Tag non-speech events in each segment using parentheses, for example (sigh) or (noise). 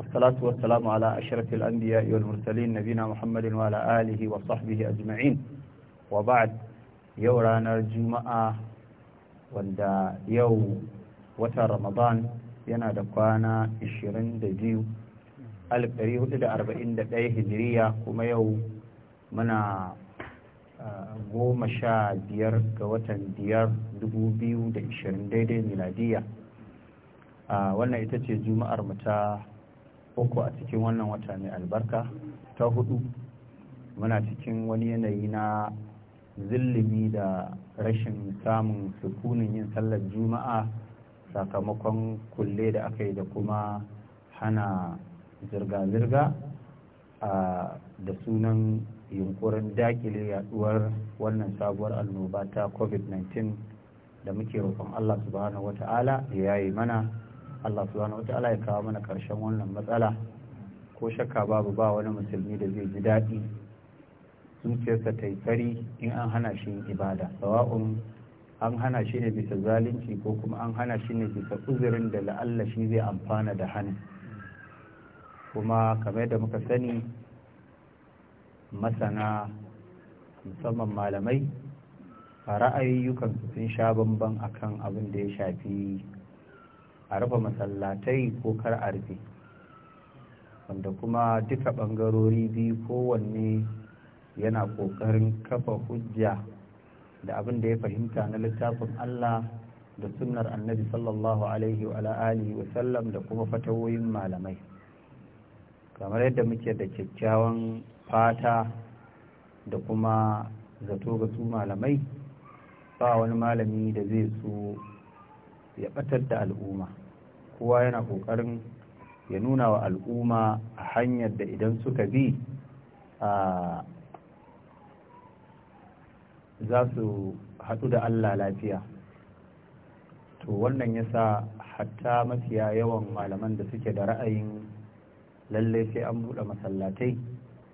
الصلاة والسلام على اشرف الانبياء والمرسلين نبينا محمد وعلى اله وصحبه اجمعين وبعد يورانا الجمعه وندا يوم وتا رمضان ينا دقوانا إشيرين دجيو ألف دريه دا كما يوم منا goma sha biyar ga watan biyar dubu biyu da ishirin daidai miladiya wannan ita ce juma'ar mu ta uku a cikin wannan wata mai albarka ta hudu muna cikin wani yanayi na zillimi da rashin samun sukunin yin sallar juma'a sakamakon kulle da aka yi da kuma hana zirga-zirga da sunan yunkurin dakile yaduwar wannan sabuwar annoba ta covid-19 da muke roƙon allah subhanahu wata'ala ya yi mana Allah subhanahu wataala ya kawo mana karshen wannan matsala ko shakka babu ba wani musulmi da zai ji daɗi zuciyarsa ta yi fari in an hana shi ibada sawa'un an hana shi ne bisa zalunci ko kuma an hana shi ne bisa uzurin da la'alla shi zai amfana da hannun kuma kamar da muka sani masana musamman malamai a ra'ayoyukan sun sha bamban akan abin da ya shafi a rufe masallatai ko kar a rufe wanda kuma duka ɓangarori biyu kowanne yana ƙoƙarin kafa hujja da abin da ya fahimta na littafin Allah da sunnar annabi sallallahu alaihi wa alihi wa sallam da kuma fatawoyin malamai kamar yadda muke da kyakkyawan fata da kuma zato ga su malamai ba wani malami da zai so ya ɓatar da al'umma kowa yana kokarin ya nuna wa al'umma hanyar da idan suka bi a za su haɗu da Allah lafiya to wannan ya sa hatta mafiya yawan malaman da suke da ra'ayin lalle sai an buɗe masallatai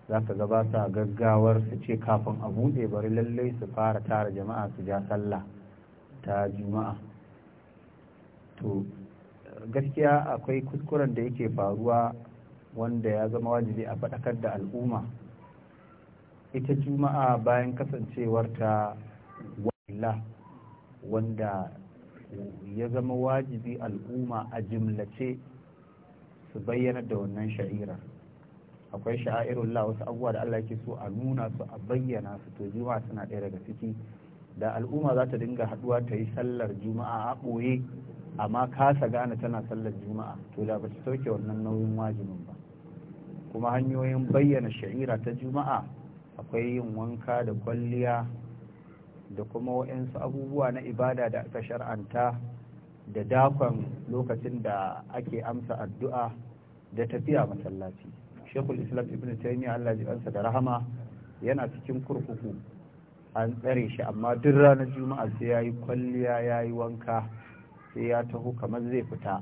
za ka gaba sa gaggawar su ce kafin a buɗe bari lalle su fara tara jama'a su ja sallah ta juma'a to gaskiya akwai kuskuren da yake faruwa wanda ya zama wajibi a faɗakar da al'umma ita juma'a bayan kasancewarta wa'ila wanda ya zama wajibi al'umma a jimlace su bayyana da wannan sha'ira akwai sha'irullah wasu abubuwa da Allah ke so a nuna su a bayyana su to juma'a suna ɗaya daga ciki da al'umma za ta dinga haduwa ta yi sallar juma'a a ɓoye amma kasa gane tana sallar juma'a to da ba ta sauke wannan nauyin wajibin ba kuma hanyoyin bayyana sha'ira ta juma'a akwai yin wanka da kwalliya da kuma waɗansu abubuwa na ibada da aka shar'anta da dakon lokacin da ake amsa addu'a da tafiya masallaci shekul islam ibn taymiya allah ji da rahama yana cikin kurkuku an tsare shi amma duk ranar juma'a sai ya yi kwalliya ya yi wanka sai ya taho kamar zai fita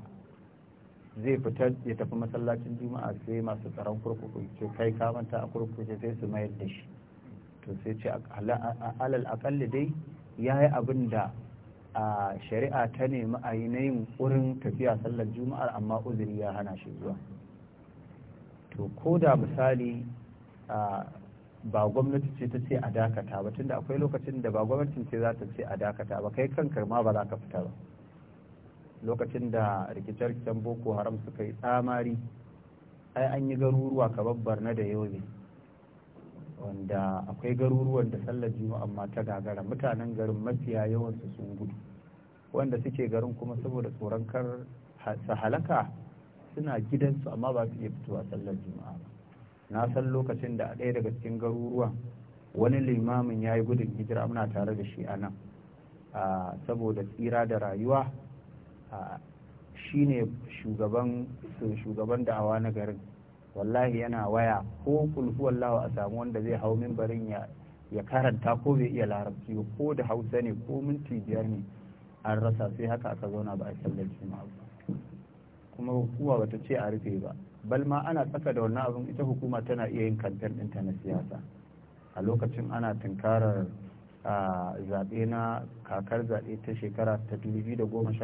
zai fita ya tafi masallacin juma'a sai masu tsaron kurkuku ce kai ka a kurkuku sai su mayar da shi to sai ce alal akalli dai ya yi abin da a shari'a ta nemi a yi na yin wurin tafiya sallar juma'ar amma uzuri ya hana shi zuwa to ko da misali ba gwamnati ce ta ce a dakata ba tunda akwai lokacin da ba gwamnatin ce za ta ce a dakata ba kai kankar ma ba za ka fita ba lokacin da rikice-rikicen boko haram suka yi tsamari ai an yi garuruwa ka babbar na da yobe wanda akwai garuruwan da sallar juma'a amma ta gagara mutanen garin mafiya yawansu sun gudu wanda suke garin kuma saboda tsoron kar su halaka suna gidansu amma ba su iya fitowa sallar juma'a ba na san lokacin da a ɗaya daga cikin garuruwan wani limamin ya yi gudun hijira muna tare da shi a nan saboda tsira da rayuwa shi ne shugaban da'awa na garin wallahi yana waya ko kulhuwallahu a samu wanda zai hau mimbarin ya karanta ko bai iya larabci ko da hausa ne ko minti biyar ne an rasa sai haka aka zauna ba a kuma hukuma bata ce a rufe ba bal ma ana tsaka da wannan abin ita hukuma tana iya yin kamfen ɗinta na siyasa a lokacin ana tunkarar zaɓe na kakar zaɓe ta shekara ta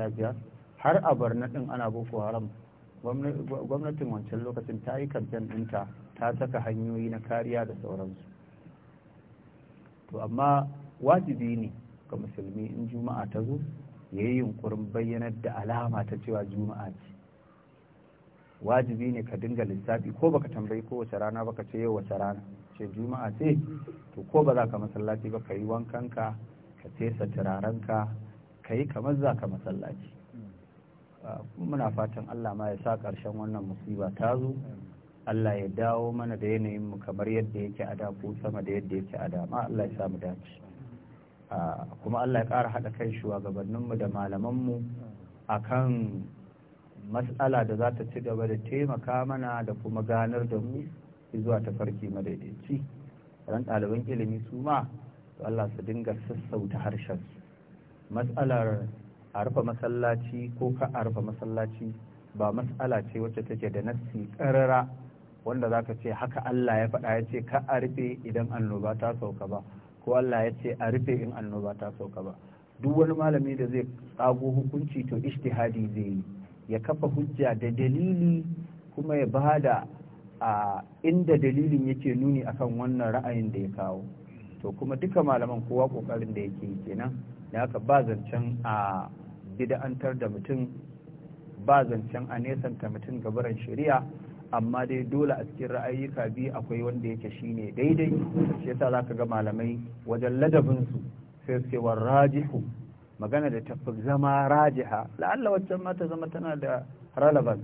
biyar. har a barna ɗin ana boko haram gwamnatin wancan lokacin ta yi kamfen ɗinta ta saka hanyoyi na kariya da sauransu to amma wajibi ne ga musulmi in juma'a ta zo ya yi yunkurin bayyanar da alama ta cewa juma'a ce wajibi ne ka dinga lissafi ko baka tambayi ko wace rana baka ce yau wace rana ce juma'a ce to ko ba za ka masallaci ba ka yi wankanka ka fesa turarenka ka yi kamar za ka masallaci ah, muna fatan allah ma ya sa ƙarshen wannan musiba ta zo allah ya dawo mana da yanayin mu kamar yadda yake a da ko sama da yadda yake a da ma allah ya sa mu dace ah, kuma allah ya ƙara haɗa kai mu da malaman mu akan matsala da za ta ci gaba da taimaka mana da kuma ganar da mu zuwa ta farki madaidaici ran ɗaliban ilimi su ma to Allah su dinga sassauta harshen matsalar a rufe masallaci ko ka a rufe masallaci ba matsala ce wacce take da nassi karara wanda zaka ce haka Allah ya faɗa ya ce ka a rufe idan annoba ta sauka ba ko Allah ya ce a rufe in annoba ta sauka ba duk wani malami da zai tsago hukunci to ijtihadi zai yi ya kafa hujja da dalili kuma ya bada a inda dalilin yake nuni akan wannan ra'ayin da ya kawo to kuma duka malaman kowa kokarin da yake kenan da haka ba zancen a bid'antar da mutum ba zancen a nesanta mutum gabaran shari'a amma dai dole a cikin ra'ayika biyu akwai wanda yake shine daidai shi yasa zaka ga malamai wajen ladabin su sai suke warajihu magana da tafi zama rajiha la'alla waccan ma ta zama tana da relevant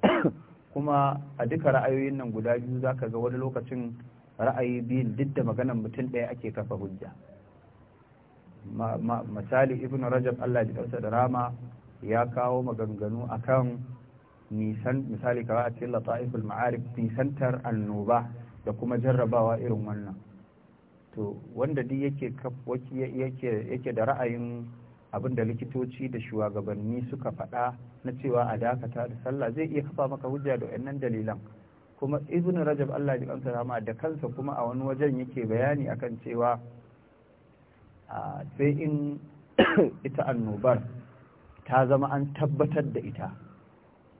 (coughs) kuma a duka ra'ayoyin nan guda biyu za ka ga wani lokacin ra'ayi biyun duk da maganar mutum ɗaya ake kafa hujja misali ibn rajab allah ji ƙarsa da rama ya kawo maganganu akan nisan misali kawai a cikin lata'iful ma'arif nisantar annoba da kuma jarrabawa irin wannan to wanda duk yake da ra'ayin Abin da likitoci da shugabanni suka faɗa na cewa a dakata da sallah zai iya kafa maka hujja da wannan dalilan kuma ibn rajab Allah ya kansa rama da kansa kuma a wani wajen yake bayani akan cewa sai in (coughs) ita annobar ta zama an tabbatar da ita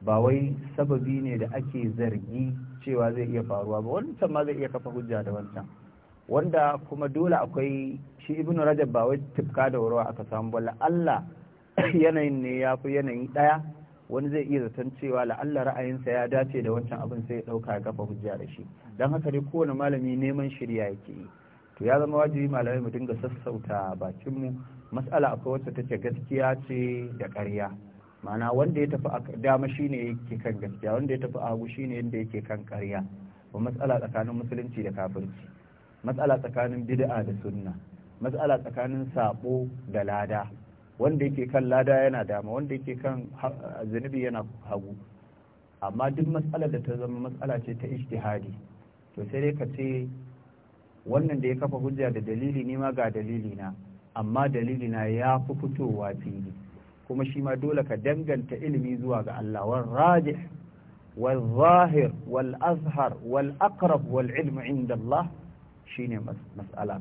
ba wai sababi ne da ake zargi cewa zai iya faruwa ba wancan ma zai iya kafa hujja da wancan wanda kuma dole akwai shi ibnu rajab ba wai tifka da wurwa aka samu ba la'alla (coughs) yanayin ne ya fi yanayi ɗaya wani zai iya zaton cewa la'alla ra'ayinsa ya dace da wancan abin sai ya ɗauka ya kafa hujja da shi don haka dai kowane malami neman shirya yake yi to ya zama wajibi malamai mu dinga sassauta bakinmu mas'ala akwai wacce take gaskiya ce da ƙarya ma'ana wanda ya tafi a dama shine yake kan gaskiya wanda ya tafi a hagu ne yadda yake kan ƙarya ba matsala tsakanin musulunci da kafirci matsala tsakanin bid'a da sunna matsala tsakanin sabo da lada wanda yake kan lada yana dama wanda yake kan zunubi yana hagu amma duk matsalar da ta zama matsala ce ta ijtihadi to sai dai ka ce wannan da ya kafa hujja da dalili ne ma ga dalili na amma dalili na ya fi fitowa fili kuma shi ma dole ka danganta ilimi zuwa ga Allah wal rajih wal zahir wal azhar wal aqrab wal ilmu inda Allah shine mas'ala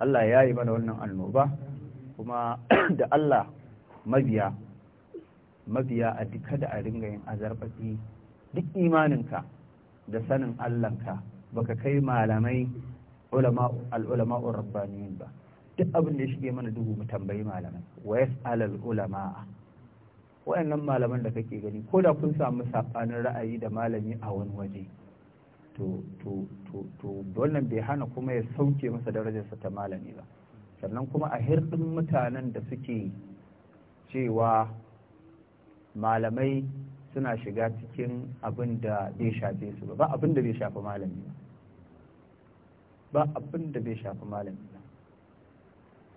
Allah ya yi mana wannan annoba kuma (clears throat) da Allah mabiya mabiya a duka da a ringa yin azarfafi duk imaninka da sanin Allahnka baka kai malamai al'ulama'ur rabbaniyin ba duk abin da ya shige mana duhu mu tambayi malamai wa ulama ulama'a waɗannan malaman da kake gani ko da kun samu saɓanin ra'ayi da malami a wani waje to wannan bai hana kuma ya sauke masa darajarsa ta malami ba sannan kuma a hirɗin mutanen da suke cewa malamai suna shiga cikin abin da bai shafe su ba abin da bai shafi malami ba ba abin da bai shafi malami ba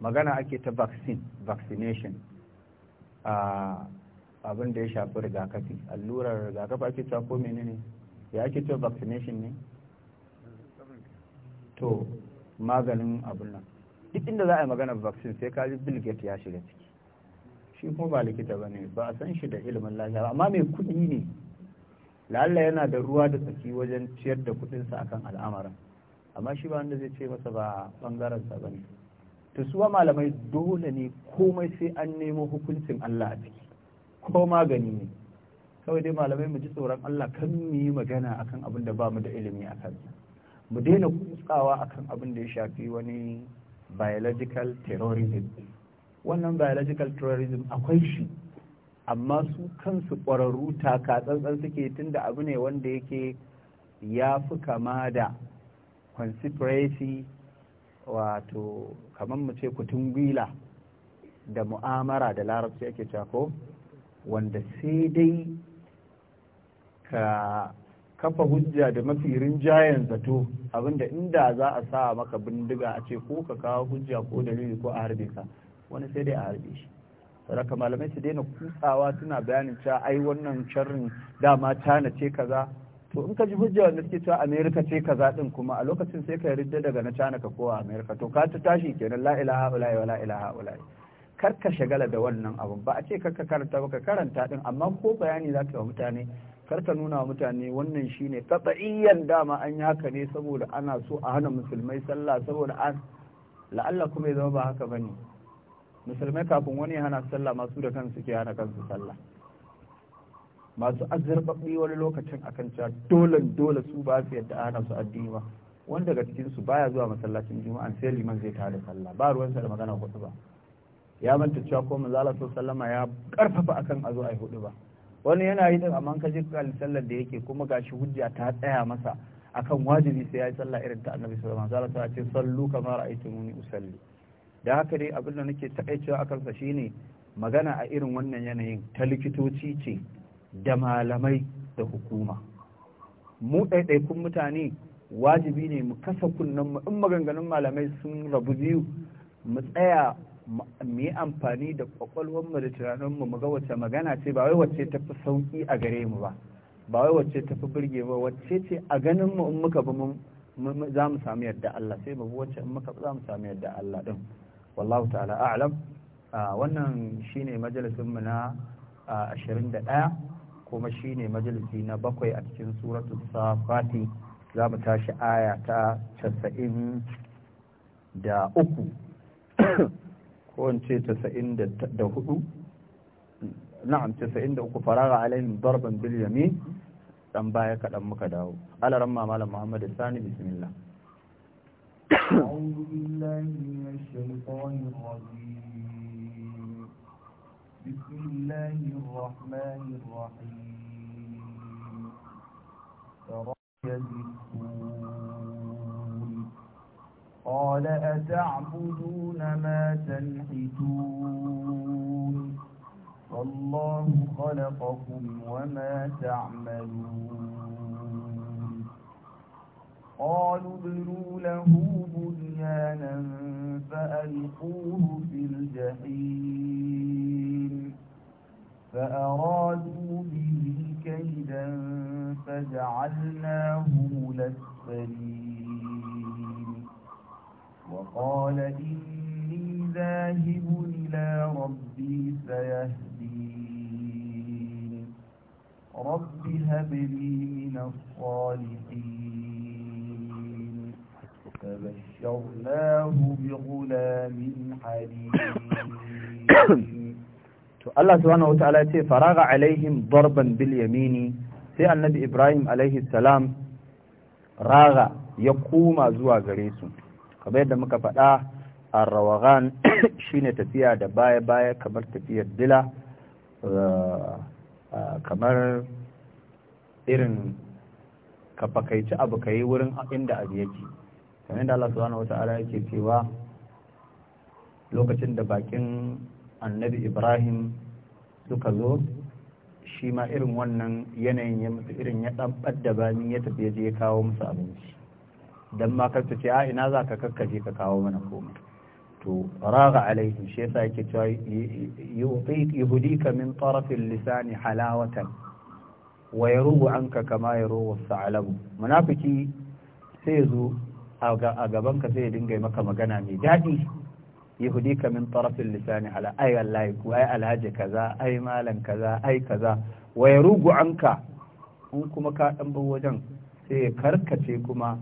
magana ake ta vaccine vaccination ah, abin da ya shafi rigakafi allurar rigakafi ake ta ko menene ne ya ake cewa vaccination ne to maganin abun nan duk inda za a yi magana vaccine sai ka ji bill gates ya shiga ciki shi kuma ba likita ba ne ba a san shi da ilimin lafiya ba amma mai kuɗi ne lalla yana da ruwa da tsaki wajen ciyar da kuɗinsa akan al'amarin amma shi ba wanda zai ce masa ba ɓangarensa ba ne to suwa malamai dole ne komai sai an nemo hukuncin Allah a ciki ko magani ne kawai dai malamai mu ji tsoron Allah kan mu yi magana akan abin da ba mu da ilimi a kansa mu daina kutsawa akan abin da ya shafi wani biological terrorism wannan biological terrorism akwai shi amma su kansu ƙwararru tsantsan suke tunda abu ne wanda yake ya fi kama da conspiracy wato kamar mu ce kutun gwila da mu'amara da larabci ake cako wanda sai dai ka kafa hujja da mafi rinjayen zato abinda inda za a sa maka bindiga a ce ko ka kawo hujja ko dalili ko a harbe ka wani sai dai a harbe shi saraka malamai su daina kusawa suna bayanin cewa ai wannan sharrin dama tana ce kaza to in ka ji hujja wanda suke cewa america ce kaza din kuma a lokacin sai ka yarda daga na cana ka kowa america to ka ta tashi kenan la ilaha illa la ilaha illa kar ka shagala da wannan abun ba a ce kar karanta ba ka karanta din amma ko bayani za ka yi wa mutane kar ka nuna mutane wannan shine qat'iyyan dama an yi haka ne saboda ana so a hana musulmai sallah saboda an la'alla kuma ya zama ba haka bane musulmai kafin wani ya hana sallah masu da kansu ke hana kansu sallah masu azurbaɓi wani lokacin akan cewa dole dole su ba su yadda ana su addini ba wani daga cikin su baya zuwa masallacin juma'a sai liman zai tare sallah ba ruwansa da magana hudu ba ya manta cewa ko manzo sallama ya karfafa akan a zo yi hudu ba wani yana yi din amma ka je sallar da yake kuma gashi hujja ta tsaya masa akan wajibi sai yayi yi sallah irin ta annabi sallallahu alaihi wasallam ce sallu kama ra'aytumuni usalli da haka dai abin da nake takaicewa akan sa shine magana a irin wannan yanayin ta likitoci ce da malamai da hukuma mu ɗaiɗaikun mutane wajibi ne mu kasa kunnen mu in maganganun malamai sun rabu biyu mu tsaya mu yi amfani da kwakwalwarmu da tunaninmu mu ga wacce magana ce ba wai wacce ta fi sauƙi a gare mu ba ba wai wacce ta fi birge ba wacce ce a ganin mu in muka bi za mu sami yadda Allah sai mu bi wacce in muka za mu sami yadda Allah din wallahu ta'ala a'lam wannan shine majalisin mu na 21 kuma shine majalisi na bakwai a cikin suratu safati za mu tashi aya ta casa'in da uku (coughs) ko in ce 94 na'am 93 farara alaihim darban bil yamin dan baya kadan muka dawo alaran ma malam muhammad sani bismillah أعوذ بالله من الشيطان الرجيم بسم الله الرحمن الرحيم قال أتعبدون ما تنحتون والله خلقكم وما تعملون قالوا ابنوا له بنيانا فألقوه في الجحيم فأرادوا به كيدا فجعلناه الأسفلين وقال إني ذاهب إلى ربي سيهدين رب هب لي من الصالحين فبشرناه بغلام حليم الله سبحانه وتعالى فراغ عليهم ضربا باليمين سي النبي إبراهيم عليه السلام راغ يقوم زوا غريسون kamar yadda muka faɗa a rawagan (coughs) shine tafiya da baya-baya kamar tafiyar dila eh, eh, kamar irin ka fakaici abu ka wurin inda abu yake kamar yadda Allah subhanahu wata'ala yake cewa lokacin da bakin annabi ibrahim suka zo shi ma irin wannan yanayin ya mutu irin ya ɗan ɓadda bani ya tafi ya je ya kawo musu abinci dan ma kar ce a ina za ka kakkaje ka kawo mana komai to raga alaihim shi yasa yake cewa yuhdika min taraf lisani halawatan wa yarubu anka kama yarubu sa'alabu munafiki sai zo a gaban ka sai ya dinga maka magana mai daɗi yahudika min tarafin lisani ala ai wallahi ku ai alhaji kaza ai malam kaza ai kaza wa yarugu anka in kuma ka dan wajen sai ya karkace kuma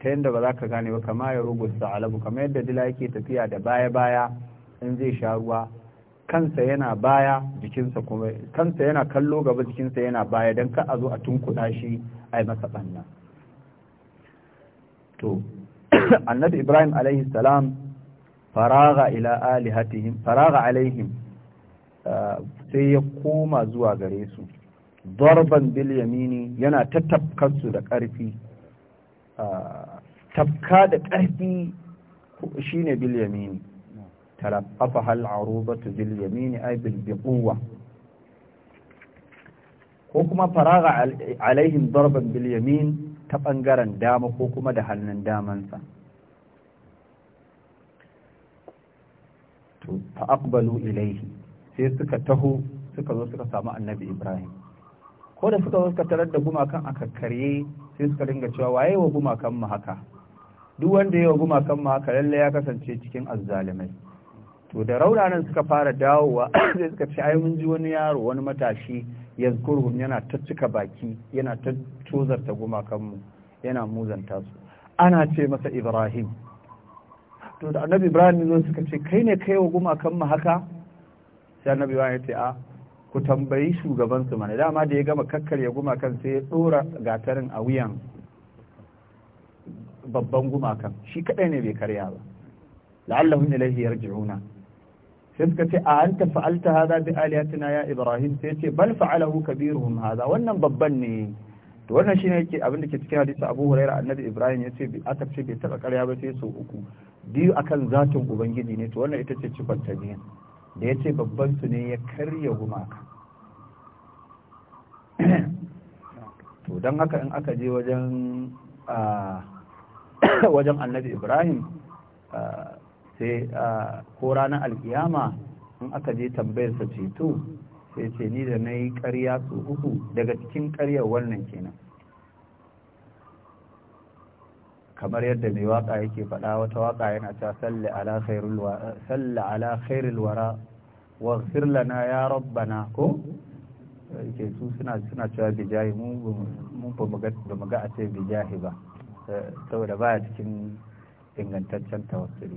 ta yadda ba za ka gane ba kama ya rugusta alabu kama yadda dila yake tafiya da baya-baya in zai sha ruwa kansa yana baya jikinsa kuma kansa yana kallo gaba jikinsa yana baya don ka a zo a tunkuɗa shi a yi masa ɓanna to (clears throat) annabi ibrahim alaihi salam faraga ila alihatihim faraga alaihim uh, sai ya koma zuwa gare su darban bil yamini yana tattafkar su da ƙarfi tafka da ƙarfi shine Bilyamin. yamini talaffafa ko kuma faraga alaihin darban Bilyamin ta bangaren dama ko kuma da hannun damansa to fa aqbalu ilaihi sai suka taho suka zo suka samu annabi ibrahim ko da suka suka tarar da gumakan a kakkarye sai suka dinga cewa waye wa gumakan mu haka duk wanda ya wa gumakan mu haka lalle ya kasance cikin azzalimai to da rauranan suka fara dawowa (coughs) sai suka ce ai mun ji wani yaro wani matashi yazkurhum yana ta cika baki yana ta tozarta gumakan mu yana muzanta su ana ce masa Ibrahim to da annabi Ibrahim ne suka ce kai ne kai wa gumakan mu haka sai annabi ya ce a ku tambayi shugaban su mana dama da ya gama ya guma kan sai ya dora gatarin a wuyan babban gumakan shi kadai ne bai karya ba la'allahum ilaihi yarji'una sai suka ce a anta fa'alta hada bi aliyatina ya ibrahim sai ce bal fa'alahu kabiruhum hada wannan babban ne to wannan shine yake abin da ke cikin hadisi Abu Hurairah annabi Ibrahim yace bi aka ce bai taba karya ba sai so uku biyu akan zatin ubangiji ne to wannan ita ce cikon tabiyan da ya ce babbansu ne ya karya gumaka to don haka in aka je wajen (coughs) annabi ibrahim sai ko ranar alkiyama in aka je tambayar sa ceto sai ce ni da na yi karya su uku daga cikin karyar wannan kenan kamar yadda mai waka yake faɗa wata waka yana ta salla ala khairul wara waghfir lana ya rabbana ko ke su suna suna cewa bijahi mu mu ba mu ga a ce bijahi ba saboda baya cikin ingantaccen tawassuli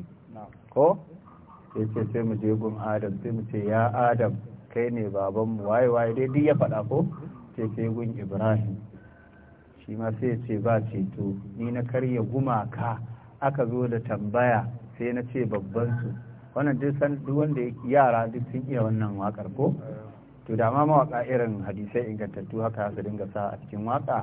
ko yace sai mu je gun adam sai mu ce ya adam kai ne baban mu waye waye dai duk ya faɗa ko ce sai gun ibrahim shi ma sai ya ce ba ceto ni na karya gumaka aka zo da tambaya sai na ce babban su wannan duk san duk wanda yara duk sun iya wannan wakar ko to da ma mawaka irin hadisai ingantattu haka su dinga sa a cikin waka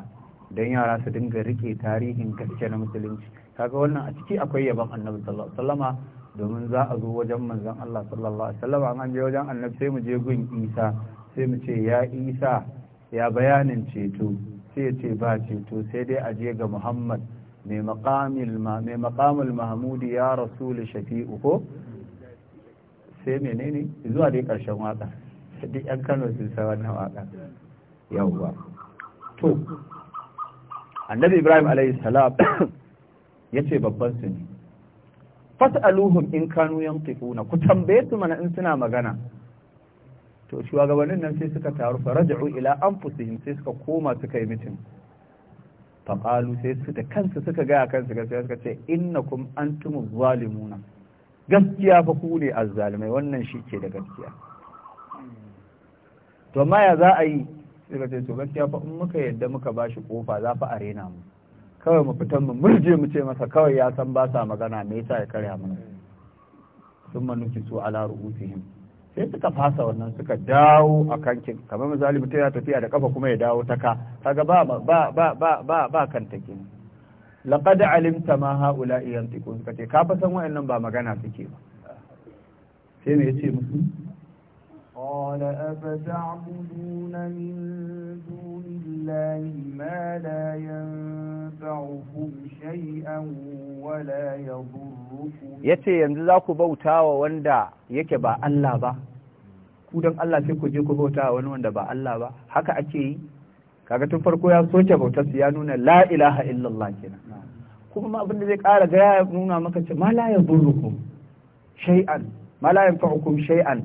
don yara su dinga rike tarihin gaske na musulunci kaga wannan a ciki akwai yaban annabi sallallahu alaihi wasallama domin za a zo wajen manzon Allah sallallahu alaihi wasallama an je wajen annabi sai mu je gun Isa sai mu ce ya Isa ya bayanin ceto sai ya ce ba ceto sai dai a je ga Muhammad mai maqamil mai maqamul mahmudi ya rasul shafi'u ko sai menene zuwa dai karshen waka duk yan kano sun sa wannan waka yawwa to annabi ibrahim alayhi salam (coughs) yace babban su ne fas'aluhum in kanu yantiquna ku tambaye su mana in suna magana to shugabannin nan sai suka taru fa raj'u ila anfusihim sai suka koma suka yi mitin qalu sai su da kansu suka ga kansu gaskiya suka ce innakum antum zalimuna gaskiya fa ku ne azzalimai wannan shi ke da gaskiya to amma za a yi suka ce to gaskiya fa in muka yadda muka ba shi kofa za fa arena mu kawai mu fitan mu murje mu ce masa kawai ya san ba sa magana me yasa ya karya mana sun manuki su ala ru'usihim sai suka fasa wannan suka dawo a kankin kamar misali mutum ya tafiya da kafa kuma ya dawo ta ka kaga ba ba ba ba ba kan take laqad alimta ma haula yantiqun suka ce ka fa san wayannan ba magana suke ba sai me yace musu قال أفتعبدون من دون ma la yanfa'ukum shay'an wa la يضركم yace yanzu za ku bauta wa wanda yake ba Allah ba ku don Allah sai ku je ku bauta wa wani wanda ba Allah ba haka ake yi kaga tun farko ya soke bautar ya nuna la ilaha illallah kenan kuma abin da zai kara ga ya nuna maka ce ma la yadurrukum shay'an ma la yanfa'ukum shay'an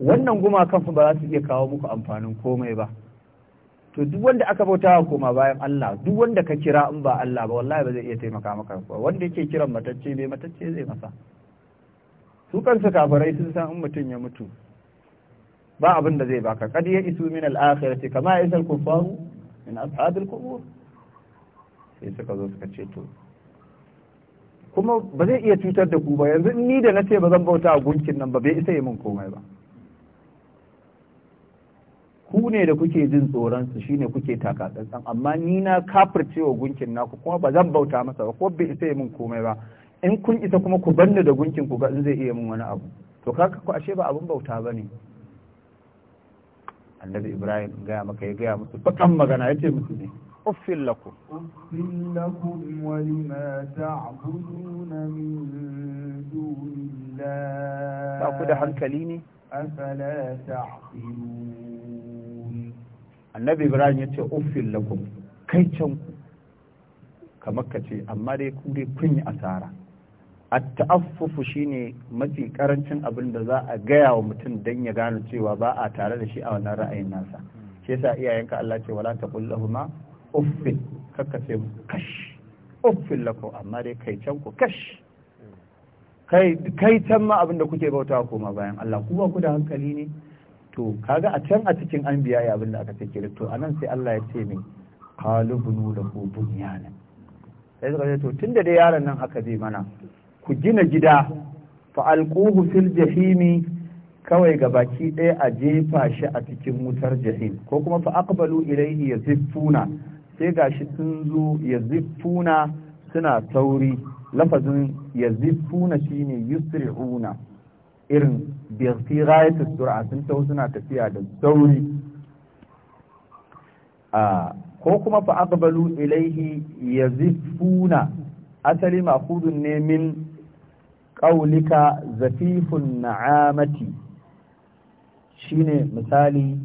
wannan gumakan ba za su iya kawo muku amfanin komai ba to duk wanda aka bauta wa koma bayan Allah duk wanda ka kira in ba Allah ba wallahi ba zai iya taimaka maka ba wanda yake kiran matacce ne matacce zai masa su kansu kafirai sun san in mutum ya mutu ba abin da zai baka kad ya isu min al-akhirati kama yasal kufaru min ashabil qubur sai suka zo suka ce to kuma ba zai iya cutar da ku ba yanzu ni da na ce ba zan bauta a gunkin nan ba bai isa yi min komai ba ku ne da kuke jin tsoron su shine kuke taka tsantsan amma ni na wa gunkin naku kuma ba zan bauta masa ba ko bai isa yi min komai ba in kun isa kuma ku banni da gunkin ku ga in zai iya min wani abu to kaka ku ashe ba abun bauta bane annabi ibrahim gaya maka ya gaya musu bakan magana ya ce musu ne uffin lakum uffin lakum wa lima ta'buduna min dunillah ba ku da hankali ne afala ta'qilun annabi ibrahim ya ce uffin lakum kai can ku kamar ka ce amma dai ku dai kun yi asara at-ta'affufu shine mafi karancin abin da za a gaya wa mutum dan ya gano cewa ba a tare da shi a wannan ra'ayin nasa shi yasa iyayenka Allah ce wala taqul lahumu uffin kakka ce kash uffin lako amma dai kai can ku kash kai kai can ma abin da kuke bauta koma bayan Allah ku ba ku da hankali ne to kaga a can a cikin anbiya ya abin da aka ce to anan sai Allah ya ce mai qalu bunu lahu bunyana sai suka ce to tunda dai yaron nan haka zai mana ku gina gida fa'alƙuhu fil jahimi kawai ga baki ɗaya a jefa shi a cikin wutar jahim ko kuma fa'aƙbalu ilaihi ya ziffuna sai ga shi sun zo ya suna sauri lafazin ya ziffuna shi ne yusri'una irin birti rayatus sur'a sun tau suna tafiya da sauri ko kuma fa'aƙbalu ilaihi ya ziffuna asali makudun ne min qawlika zafifun na'amati shine misali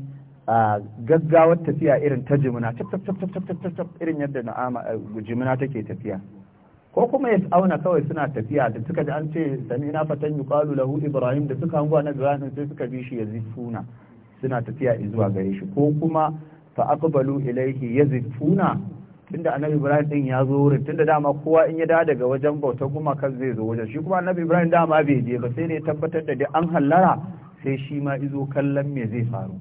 a gaggawar tafiya irin ta jimina irin yadda na'ama jimina take tafiya ko kuma ya auna kawai suna tafiya da suka ji an ce sami na fatan yuqalu lahu ibrahim da suka hango na ibrahim sai suka bi shi yazifuna suna tafiya zuwa gare shi ko kuma fa aqbalu ilayhi yazifuna tunda annabi ibrahim din ya zo wurin tunda dama kowa in ya dawo daga wajen bauta kuma kan zai zo wajen shi kuma annabi ibrahim dama bai je ba sai ne tabbatar da an hallara sai shi ma izo kallon me zai faru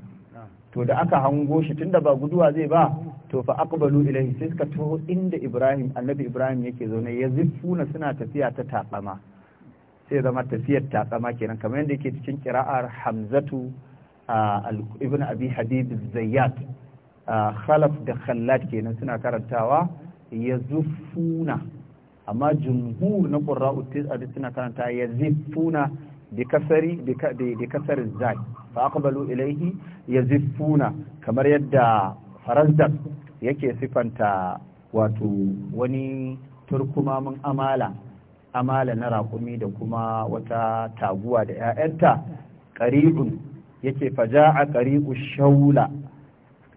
to da aka hango shi tunda ba guduwa zai ba to fa aqbalu ilayhi sai suka taho inda ibrahim annabi ibrahim yake zaune ya zifuna suna tafiya ta takama sai zama tafiyar takama kenan kamar yadda yake cikin kira'ar hamzatu ibn abi habib zayyat khalaf da khallat kenan suna karantawa ya zufuna amma jumhur na ƙura'u suna karanta ya zifuna da kasar zai fa aqbalu ilaihi ya kamar yadda farazdar yake sifanta wato wani turkumamin amala amala na raƙumi da kuma wata taguwa da 'ya'yanta ƙari'un yake faja a ƙari'u shaula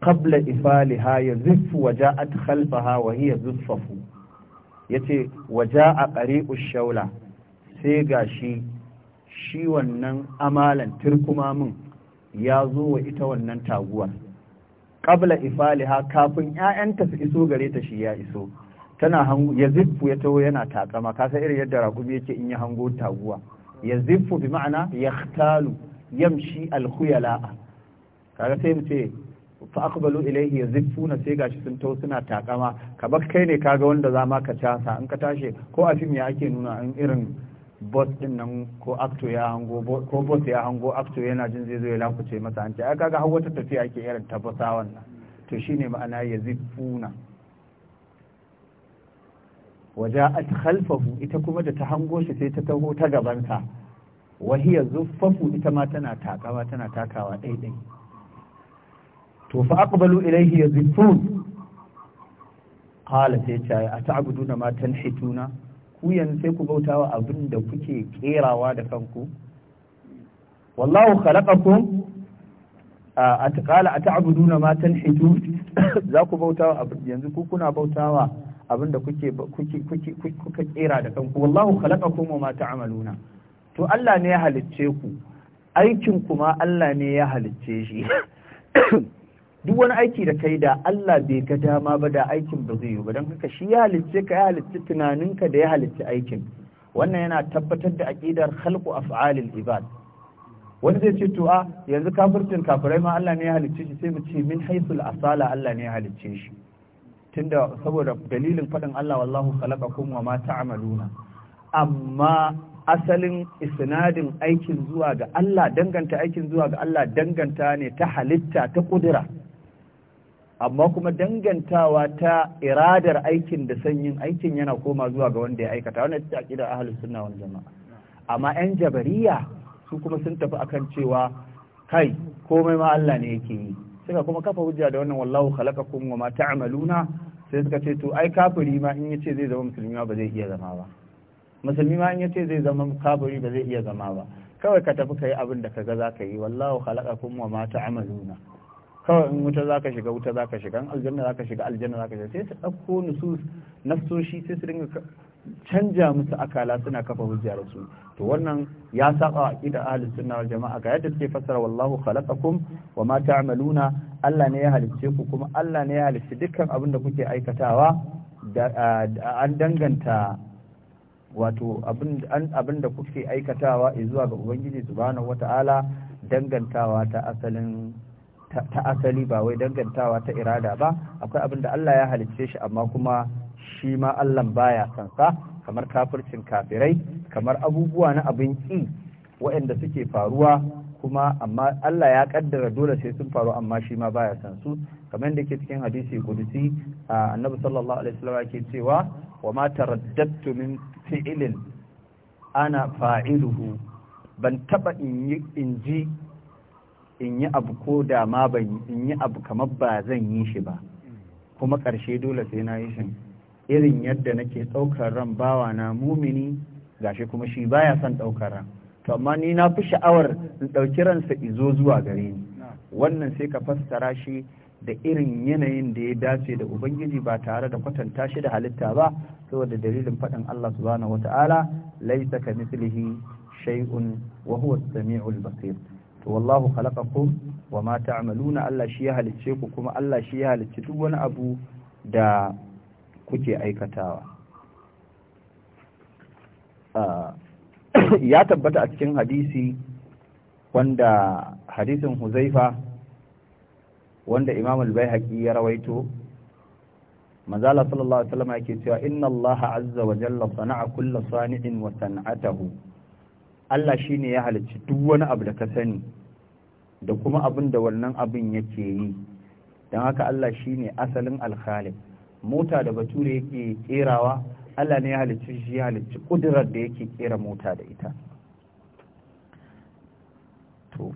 qabla ifaliha yaziffu wa ja'at khalfaha wa hiya zuffafu yace wa ja'a qari'u shawla sai gashi shi wannan amalan turkumamin ya zo wa ita wannan taguwar qabla ifaliha kafin ƴaƴanta su iso gare ta shi ya iso tana hango ya ya taho yana takama ka san irin yadda rakumi yake in ya hango taguwa ya bi ma'ana yahtalu yamshi al-khuyala kaga sai mu fa aqbalu ilayhi yazifuna sai gashi sun tau suna takama kamar kai ne kaga wanda zama ma ka casa in ka tashi ko a fim ya ake nuna an irin bos din nan ko acto ya hango ko ya hango yana jin zai zo ya lakuce masa an ce ai kaga har wata tafiya ake irin ta bosa wannan to shine ma'ana yazifuna waja'at khalfahu ita kuma da ta hango shi sai ta taho ta wa wahiya zuffafu ita ma tana takawa tana takawa ɗaiɗai. to fa aqbalu ilayhi yazifun qala sai tayi a ta'buduna ma tanhituna ku yanzu sai ku bautawa abin da kuke kerawa da kanku wallahu khalaqakum a qala ata'buduna ma tanhitun (coughs) za ku bautawa abin yanzu ku kuna bautawa abin da kuke kuke kuka kera da kanku wallahu khalaqakum wa ma ta'maluna to Allah ne ya halicce ku aikin kuma Allah ne ya halicce shi (coughs) duk wani aiki da kai da Allah bai ga dama ba da aikin ba zai yi ba don haka shi ya halicce ka ya halicci tunaninka da ya halicci aikin wannan yana tabbatar da aqidar khalqu af'alil ibad wani zai ce to a yanzu kafircin kafirai ma Allah ne ya halicce shi sai mu ce min haythul asala Allah ne ya halicce shi tunda saboda dalilin fadin Allah wallahu khalaqakum wa ma ta'maluna amma asalin isnadin aikin zuwa ga Allah danganta aikin zuwa ga Allah danganta ne ta halitta ta kudura amma kuma dangantawa ta iradar aikin da sanyin aikin yana koma zuwa ga wanda ya aikata wannan ita aqidar ahlus sunna wal jama'a amma yan jabariya su kuma sun tafi akan cewa kai komai ma Allah ne yake yi suka kuma kafa hujja da wannan wallahu khalaqakum wa ma ta'maluna sai suka ce to ai kafiri ma in yace zai zama musulmi ba zai iya zama ba musulmi ma in yace zai zama kafiri ba zai iya zama ba kawai ka tafi kai abin da ga zaka yi wallahu khalaqakum wa ma ta'maluna kawai in wuta zaka shiga wuta zaka shiga in aljanna zaka shiga aljanna zaka shiga sai su dauko nusus nafsoshi sai su dinga canja musu akala suna kafa hujjar su to wannan ya saba aqida ahli sunna wal jamaa ga yadda suke fassara wallahu khalaqakum wa ma ta'maluna Allah ne ya halicce ku kuma Allah ne ya halicci dukkan abin da kuke aikatawa da an danganta wato abin da kuke aikatawa zuwa ga ubangiji subhanahu wataala dangantawa ta asalin ta asali ba wai dangantawa ta irada ba akwai abin da Allah ya halicce shi amma kuma shi ma Allah baya son sa kamar kafircin kafirai kamar abubuwa na abin ki waɗanda suke faruwa kuma amma Allah ya kaddara dole sai sun faru amma shi ma baya san su kamar yadda ke cikin hadisi kudusi annabi sallallahu alaihi wasallam yake cewa wa ma taraddadtu min fi'lin ana fa'iluhu ban taba in ji in yi abu ko da ma ban in yi abu kamar ba zan yi shi ba kuma ƙarshe dole sai na yi shi irin yadda nake ɗaukar ran bawa na mumini gashi kuma shi baya son ɗaukar ran to amma ni na fi sha'awar in ɗauki ransa izo zuwa gare ni wannan sai ka fassara shi da irin yanayin da ya dace da ubangiji ba tare da kwatanta shi da halitta ba saboda dalilin faɗin Allah subhanahu wata'ala laisa ka mislihi shay'un wa huwa as-sami'ul basir to wallahu khalaqakum wa ma ta'maluna Allah shi ya halicce ku kuma Allah shi ya halicci duk wani abu da kuke aikatawa ah, ya tabbata a cikin hadisi wanda hadisin Huzaifa wanda Imam al-Baihaqi ya rawaito manzala sallallahu alaihi wasallam yake cewa inna Allah azza wa jalla sana'a kullu sani'in wa san'atahu Allah shi ne ya halicci duk wani abu da ka sani da kuma abin da wannan abin yake yi don haka Allah shi ne asalin alkhalif mota da bature yake kerawa Allah ne ya halicci shi ya halarci kudurar da yake kera mota da ita to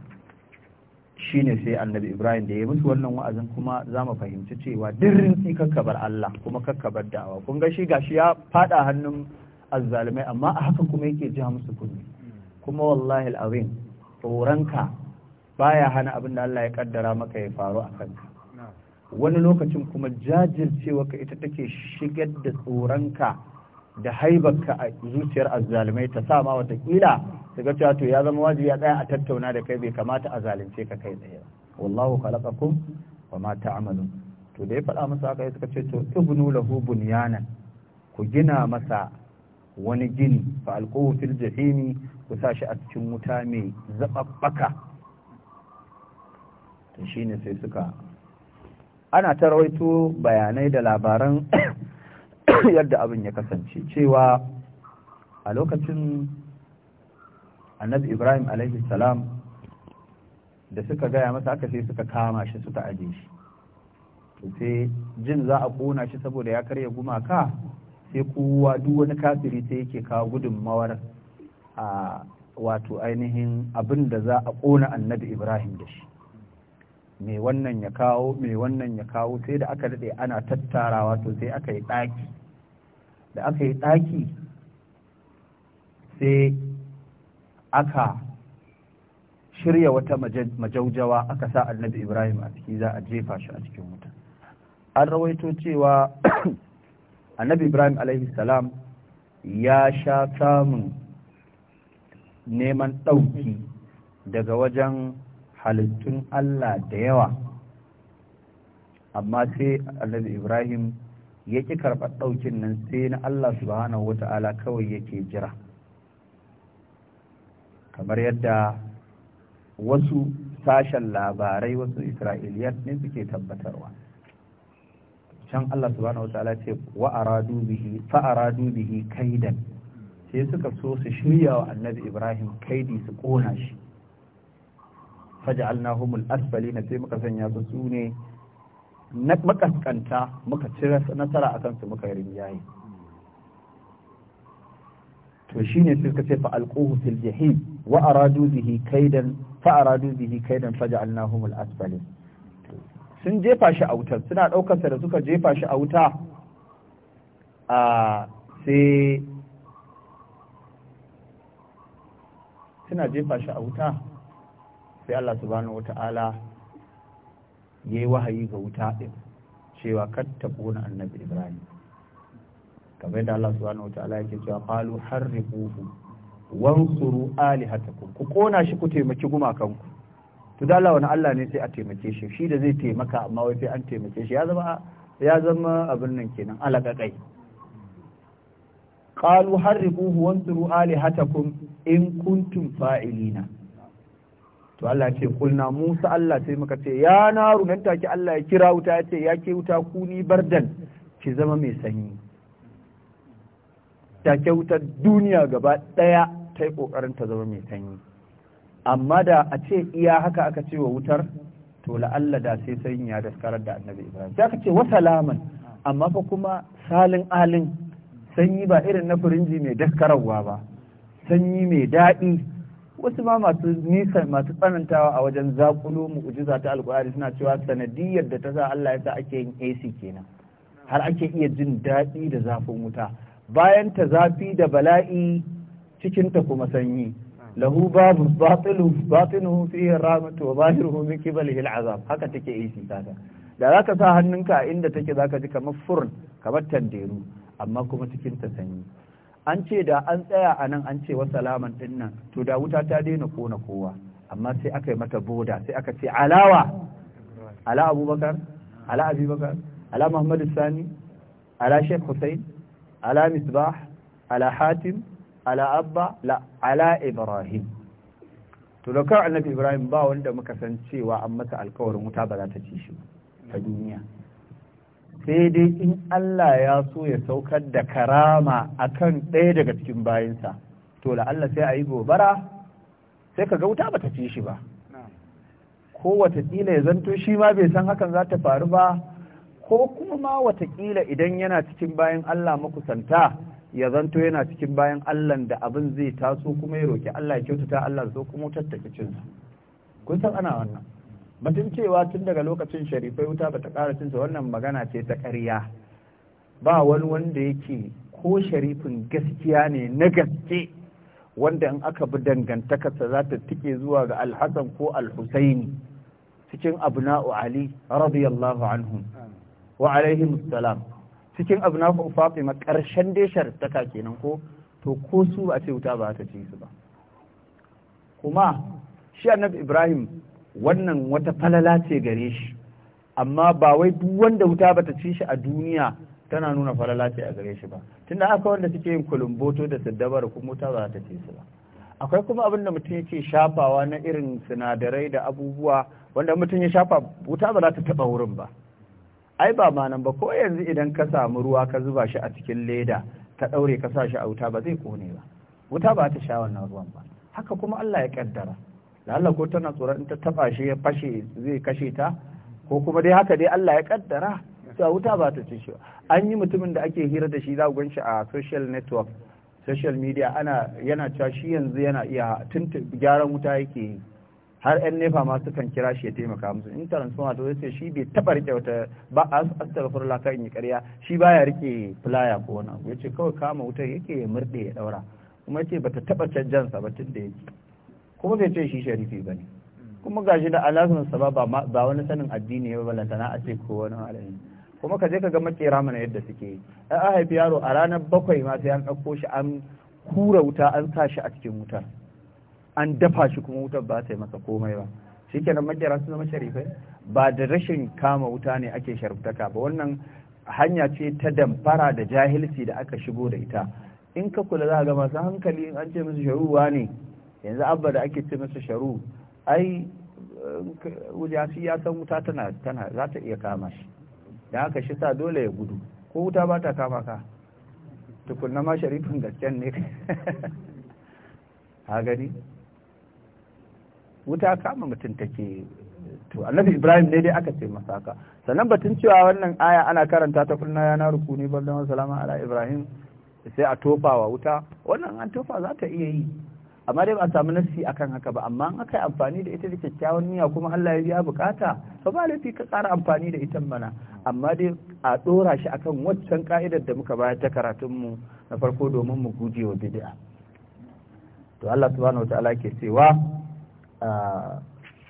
shi ne sai annabi ibrahim da ya musu wannan wa'azin kuma za mu fahimci cewa dirin sai kakkabar Allah kuma kakkabar dawa. kun ga shi gashi ya fada hannun azzalumai amma a haka kuma yake ji musu kunni kuma wallahi al'azim tsoronka baya hana abin da Allah ya kaddara maka ya faru a kanka wani lokacin kuma jajircewa ka ita take shigar da tsoronka da haibarka a zuciyar azzalumai ta sa ma watakila cewa ya zama wajibi ya tsaya a tattauna da kai bai kamata a zalunce ka kai tsaye wallahu khalaqakum wa ma ta'malun to da ya faɗa masa haka suka ce to ibnu lahu bunyanan ku gina masa wani gini fa alquhu fil jahimi ku sa shi a cikin wuta mai zaɓaɓɓaka ta shi ne sai suka ana ta rawaito bayanai da labaran (coughs) yadda abin ya kasance cewa a lokacin annabi ibrahim alaihi salam da suka gaya masa aka sai suka kama shi suka aje shi sai jin za a kona shi saboda ya karya gumaka sai kowa duk wani kafiri sai yake kawo gudunmawar a wato ainihin abin da za a ƙona annabi ibrahim da shi mai wannan ya kawo mai wannan ya kawo sai da aka daɗe ana tattara wato sai aka yi ɗaki da aka yi ɗaki sai aka shirya wata majaujawa aka sa annabi ibrahim a ciki za a jefa shi a cikin wuta an rawaito cewa (coughs) annabi ibrahim alaihi salam ya sha samun neman ɗauki daga wajen halittun Allah da yawa amma sai annabi Ibrahim ya ƙi karɓar ɗaukin nan sai na Allah subhanahu wata'ala kawai yake jira kamar yadda wasu sashen labarai wasu isra'iliyar ne suke tabbatarwa can Allah subhanahu wata'ala ce wa aradu bihi fa bihi kaidan sai suka so su shirya wa annabi ibrahim kaidi su kona shi Faja'al asfali na sai muka sanya su su ne na makaskanta muka cire nasara akan su muka yi rinjaye to shine sai suka ce fa alquhu fil jahim wa aradu bihi kaidan fa aradu bihi kaidan faja'alnahumul asfalin sun jefa shi a wutar suna daukar sa da suka jefa shi a wuta a sai suna jefa shi a wuta sai Allah subhanahu wata'ala ya yi wahayi ga wuta ɗin cewa kar ta ƙona annabi ibrahim kamar yadda Allah subhanahu wata'ala yake cewa qalu harriquhu wansuru alihatakum ku kona shi ku taimaki gumakanku to da Allah wani Allah ne sai a taimake shi shi da zai taimaka amma wai sai an taimake shi ya zama ya zama abin nan kenan alaƙaƙai qalu harriquhu wansuru alihatakum in kuntum fa'ilina to Allah ce kulna Musa Allah sai muka ce ya naru nan take Allah ya kira wuta ya ce ya ke wuta ku ni bardan ki zama mai sanyi take wutar duniya gaba daya ta kokarin ta zama mai sanyi amma da a ce iya haka aka ce wa wutar to la'alla da sai sanyi ya daskarar da annabi Ibrahim sai aka ce wa salaman amma fa kuma salin alin sanyi ba irin na firinji mai daskararwa ba sanyi mai daɗi wasu ma masu nisa masu tsanantawa a wajen zakulo mu'ujiza ta alƙur'ani suna cewa sanadiyar da ta sa Allah ya sa ake yin AC kenan har ake iya jin daɗi da zafin wuta bayan ta zafi da bala'i cikin ta kuma sanyi lahu babu batilu batinuhu fihi rahmatu wa zahiruhu min qibalihi al'azab haka take AC ta da zaka sa hannunka inda take zaka ji kamar furn kamar tanderu amma kuma cikin ta sanyi an ce da an tsaya a nan an ce wa salaman din nan to da wuta ta daina kona kowa amma sai aka yi mata boda sai aka ce alawa ala abubakar ala abubakar ala muhammad sani ala sheikh hussein ala misbah ala hatim ala abba la ala ibrahim to da kawai annabi ibrahim ba wanda muka san cewa an mata alkawarin wuta ba za ta ci shi ta duniya sai dai in Allah ya so ya saukar da karama a kan ɗaya daga cikin bayansa to la'alla sai a yi gobara sai ka gauta wuta ba ta ci shi ba ko watakila ya zanto shi ma bai san hakan za ta faru ba ko kuma ma watakila idan yana cikin bayan Allah makusanta ya zanto yana cikin bayan Allah da abin zai taso kuma ya roki Allah ya kyautata Allah so kuma wutar ta kun san ana wannan batun cewa tun daga lokacin sharifai wuta bata ƙara cinsa wannan magana ce ta karya. ba wani wanda yake ko sharifin gaskiya ne na gaske wanda in aka bi dangantakarsa za ta tike zuwa ga alhassan ko alhusaini cikin abna'u ali radiyallahu anhum wa alaihi musallam cikin fafi ma ƙarshen dai shartaka kenan ko to ko su ba ce wuta ba ta ci su ba kuma shi annabi ibrahim wannan wata falala ce gare shi amma ba wai duk wanda wuta bata ci shi a duniya tana nuna falala ce a gare shi ba tunda aka wanda suke yin kulumboto da saddabar kuma wuta ba ta ci su ba akwai kuma abin da mutum yake shafawa na irin sinadarai da abubuwa wanda mutum ya shafa wuta ba za ta taba wurin ba ai ba ma nan ba ko yanzu idan ka samu ruwa ka zuba shi a cikin leda ka ɗaure ka sa shi a wuta ba zai kone ba wuta ba ta sha wannan ruwan ba haka kuma Allah ya kaddara lalla ko tana tsoron in ta taba shi ya fashe zai kashe ta ko kuma dai haka dai Allah ya kaddara ta wuta ba ta ci shi an yi mutumin da ake hira da shi za ku shi a social network social media ana yana cewa shi yanzu yana iya gyaran wuta yake har yan nefa masu kan kira shi ya taimaka musu in transformer to sai shi bai taba rike wata ba a laka kan yi ƙarya shi baya rike playa ko wani abu ce kawai kama wutar yake ya murde ya daura kuma ce ba ta taba canjansa ba tun da yake kuma bai ce shi sharifi ba ne kuma gashi da alasun sa ba ba wani sanin addini ya balanta na a ce ko wani alayi kuma ka je ka ga makera mana yadda suke ai a haifi yaro a ranar bakwai ma sai an ɗauko shi an kura wuta an sa shi a cikin wuta an dafa shi kuma wutar ba ta yi masa komai ba shikenan makera sun zama sharifai ba da rashin kama wuta ne ake sharftaka ba wannan hanya ce ta damfara da jahilci da aka shigo da ita in ka kula za ga masu hankali in an ce musu sharuwa ne yanzu abba da ake ce masa sharu ai wujasi ya san wuta tana tana za ta iya kama shi da haka shi sa dole ya gudu ko wuta ba ta kama ka tukunna ma sharifin gasken ne ha (laughs) gani wuta kama mutum take to annabi ibrahim ne dai aka ce masa haka sannan batun cewa wannan aya ana karanta ta kunna ya na ne ballan salama ala ibrahim sai a tofa wa wuta wannan an tofa za ta iya yi amma dai ba samu nassi akan haka ba amma an aka yi amfani da ita da kyakkyawan niyya kuma Allah ya biya bukata to ba laifi ka ƙara amfani da ita mana amma dai a dora shi akan waccan ka'idar da muka bayar ta karatun mu na farko domin mu guje wa bid'a to Allah subhanahu wataala ke cewa ah,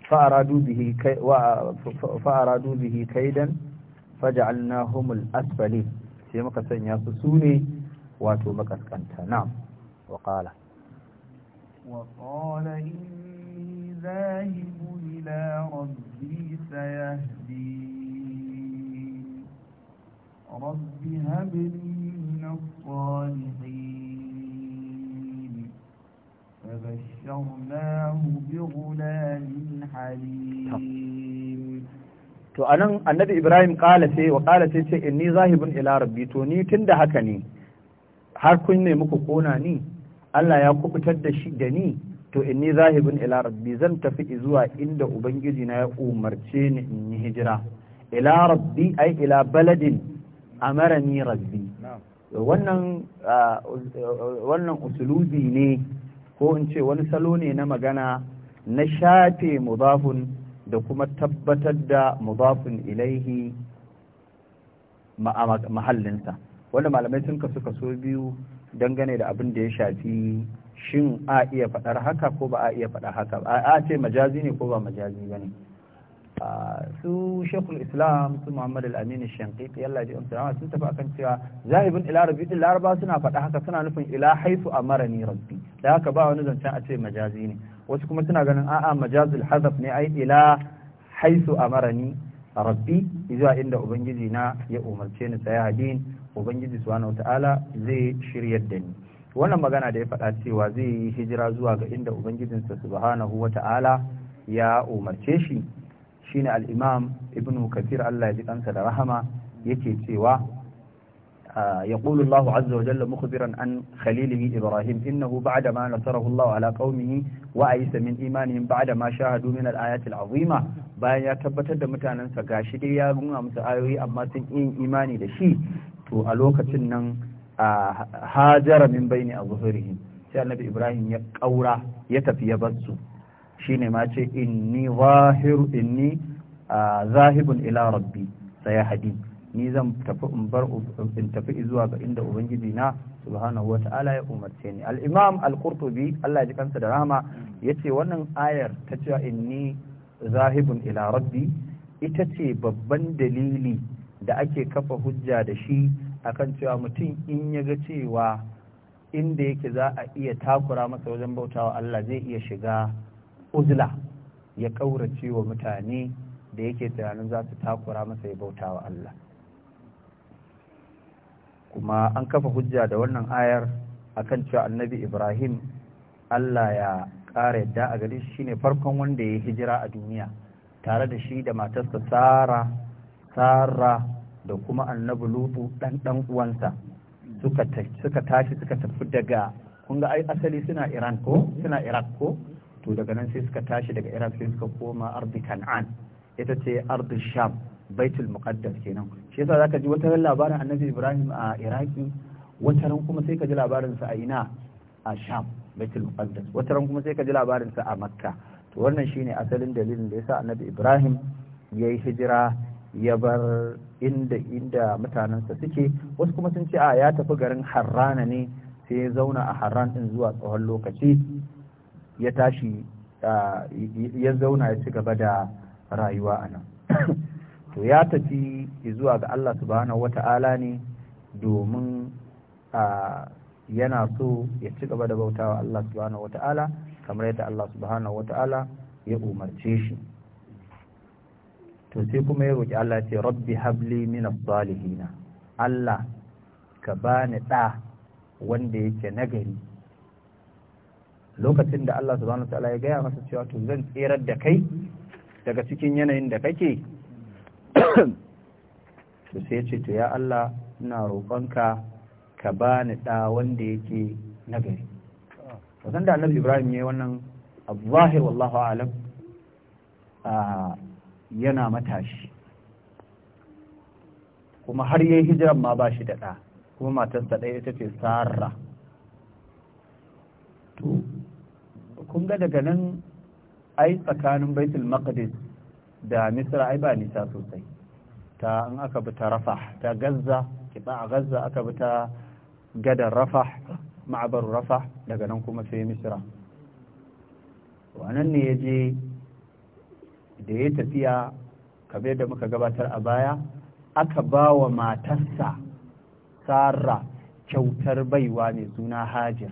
fa aradu bihi kai wa fa aradu bihi asfali sai muka sanya su sune wato makaskanta na'am wa qala وقال إني ذاهب إلى ربي سيهدي رب هب لي من الصالحين فبشرناه بغلام حليم to anan annabi ibrahim kala sai wa kala sai ce inni zahibun ila rabbi to ni tunda haka ne har kun ne muku kona ni Allah ya kubutar da shi da ni to inni zahibun ila rabbi zan tafi zuwa inda ubangiji na ya umarce ni in yi hijira ila rabbi ai ila baladin amarani rabbi wannan wannan usulubi ne ko in ce wani salo ne na magana na shafe mudafun da kuma tabbatar da mudafun ilaihi mahallinsa wanda malamai sun kasu kaso biyu dangane da abin da ya shafi shin a iya faɗar haka ko ba a iya faɗar haka a ce majazi ne ko ba majazi ba ne su shekul islam su muhammad al-amin shankiti yalla ji amsa sun tafi akan cewa zahibin ila rabbi din laraba suna faɗa haka suna nufin ila haifu ni rabbi da haka ba wani zancen a ce majazi ne wasu kuma suna ganin a'a majazul hazaf ne ai ila haisu ni rabbi zuwa inda ubangiji na ya umarce ni tsaye hadin ubangiji subhanahu ta'ala zai shiryar da ni wannan magana da ya faɗa cewa zai yi hijira zuwa ga inda ubangijinsa subhanahu wata'ala ya umarce shi shine ne imam ibn kafir Allah ya ji kansa da rahama yake cewa يقول الله عز وجل مخبرا عن خليله إبراهيم إنه بعدما نصره الله على قومه وأيس من إيمانهم بعدما شاهدوا من الآيات العظيمة bayan ya tabbatar da mutanensa gashi dai ya nuna musu ayoyi amma sun yi imani da shi to a lokacin nan hajara min ne a zuhurihim sai annabi ibrahim ya ƙaura ya tafi ya barsu shine ma ce inni zahir inni zahibun ila rabbi sai hadi ni zan tafi in bar in tafi zuwa ga inda ubangiji na subhanahu wata'ala ya umarce ni al-imam al-qurtubi Allah ya ji kansa da rahama yace wannan ayar ta cewa inni zahibun ila rabbi ita ce babban dalili da ake kafa hujja da shi akan cewa mutum in ya ga cewa inda yake za a iya takura masa wajen bautawa Allah zai iya shiga uzla ya ƙaurace wa mutane da yake tunanin za su takura masa ya bautawa Allah kuma an kafa hujja da wannan ayar akan cewa annabi Ibrahim Allah ya ƙara yadda a gari shi ne farkon wanda ya yi hijira a duniya tare da shi da matarsa Sara Sara da kuma annabi lutu dan dan uwansa suka suka tashi suka tafi daga kun ga ai asali suna Iran ko suna Iraq ko to daga nan sai suka tashi daga Iraq sai suka koma ardi Kan'an ita ce ardi Sham baitul muqaddas kenan shi yasa zaka ji wata labarin annabi Ibrahim a Iraki wata ran kuma sai ka ji labarin sa a ina a Sham baitul muqaddas wata ran kuma sai ka ji labarin sa a Makka to wannan shine asalin dalilin da yasa annabi Ibrahim yayi hijira ya bar inda inda mutanensa suke wasu kuma sun ce a ya tafi garin harrana ne sai ya zauna a harran din zuwa tsawon lokaci ya tashi ya zauna ya ci gaba da rayuwa a nan (coughs) to ya tafi zuwa ga Allah subhanahu wata'ala ne domin yana so ya ci gaba da bautawa Allah subhanahu wata'ala kamar yadda Allah subhanahu wata'ala ya umarce shi to sai kuma ya roƙi Allah ce rabbi habli min as-salihin Allah ka bani da wanda yake nagari lokacin da Allah subhanahu wataala ya gaya masa cewa to zan tserar da kai daga cikin yanayin da kake (coughs) to sai ce to ya Allah ina roƙonka ka bani da wanda yake nagari to da Annabi Ibrahim ya yi wannan azzahir wallahu a'lam yana matashi kuma har yi hijiran ma ba shi da ɗa kuma matarsa ɗaya ita ce sarra to kun ga daga nan ai tsakanin baitul maqdis da misra ai ba nisa sosai ta in aka bi ta rafah ta gazza kiba a gazza aka bi ta gadar rafah ma'abar rafah daga nan kuma sai misra wannan ne ya je da ya tafiya kamar da muka gabatar a baya aka ba wa matarsa tsara kyautar baiwa mai suna hajir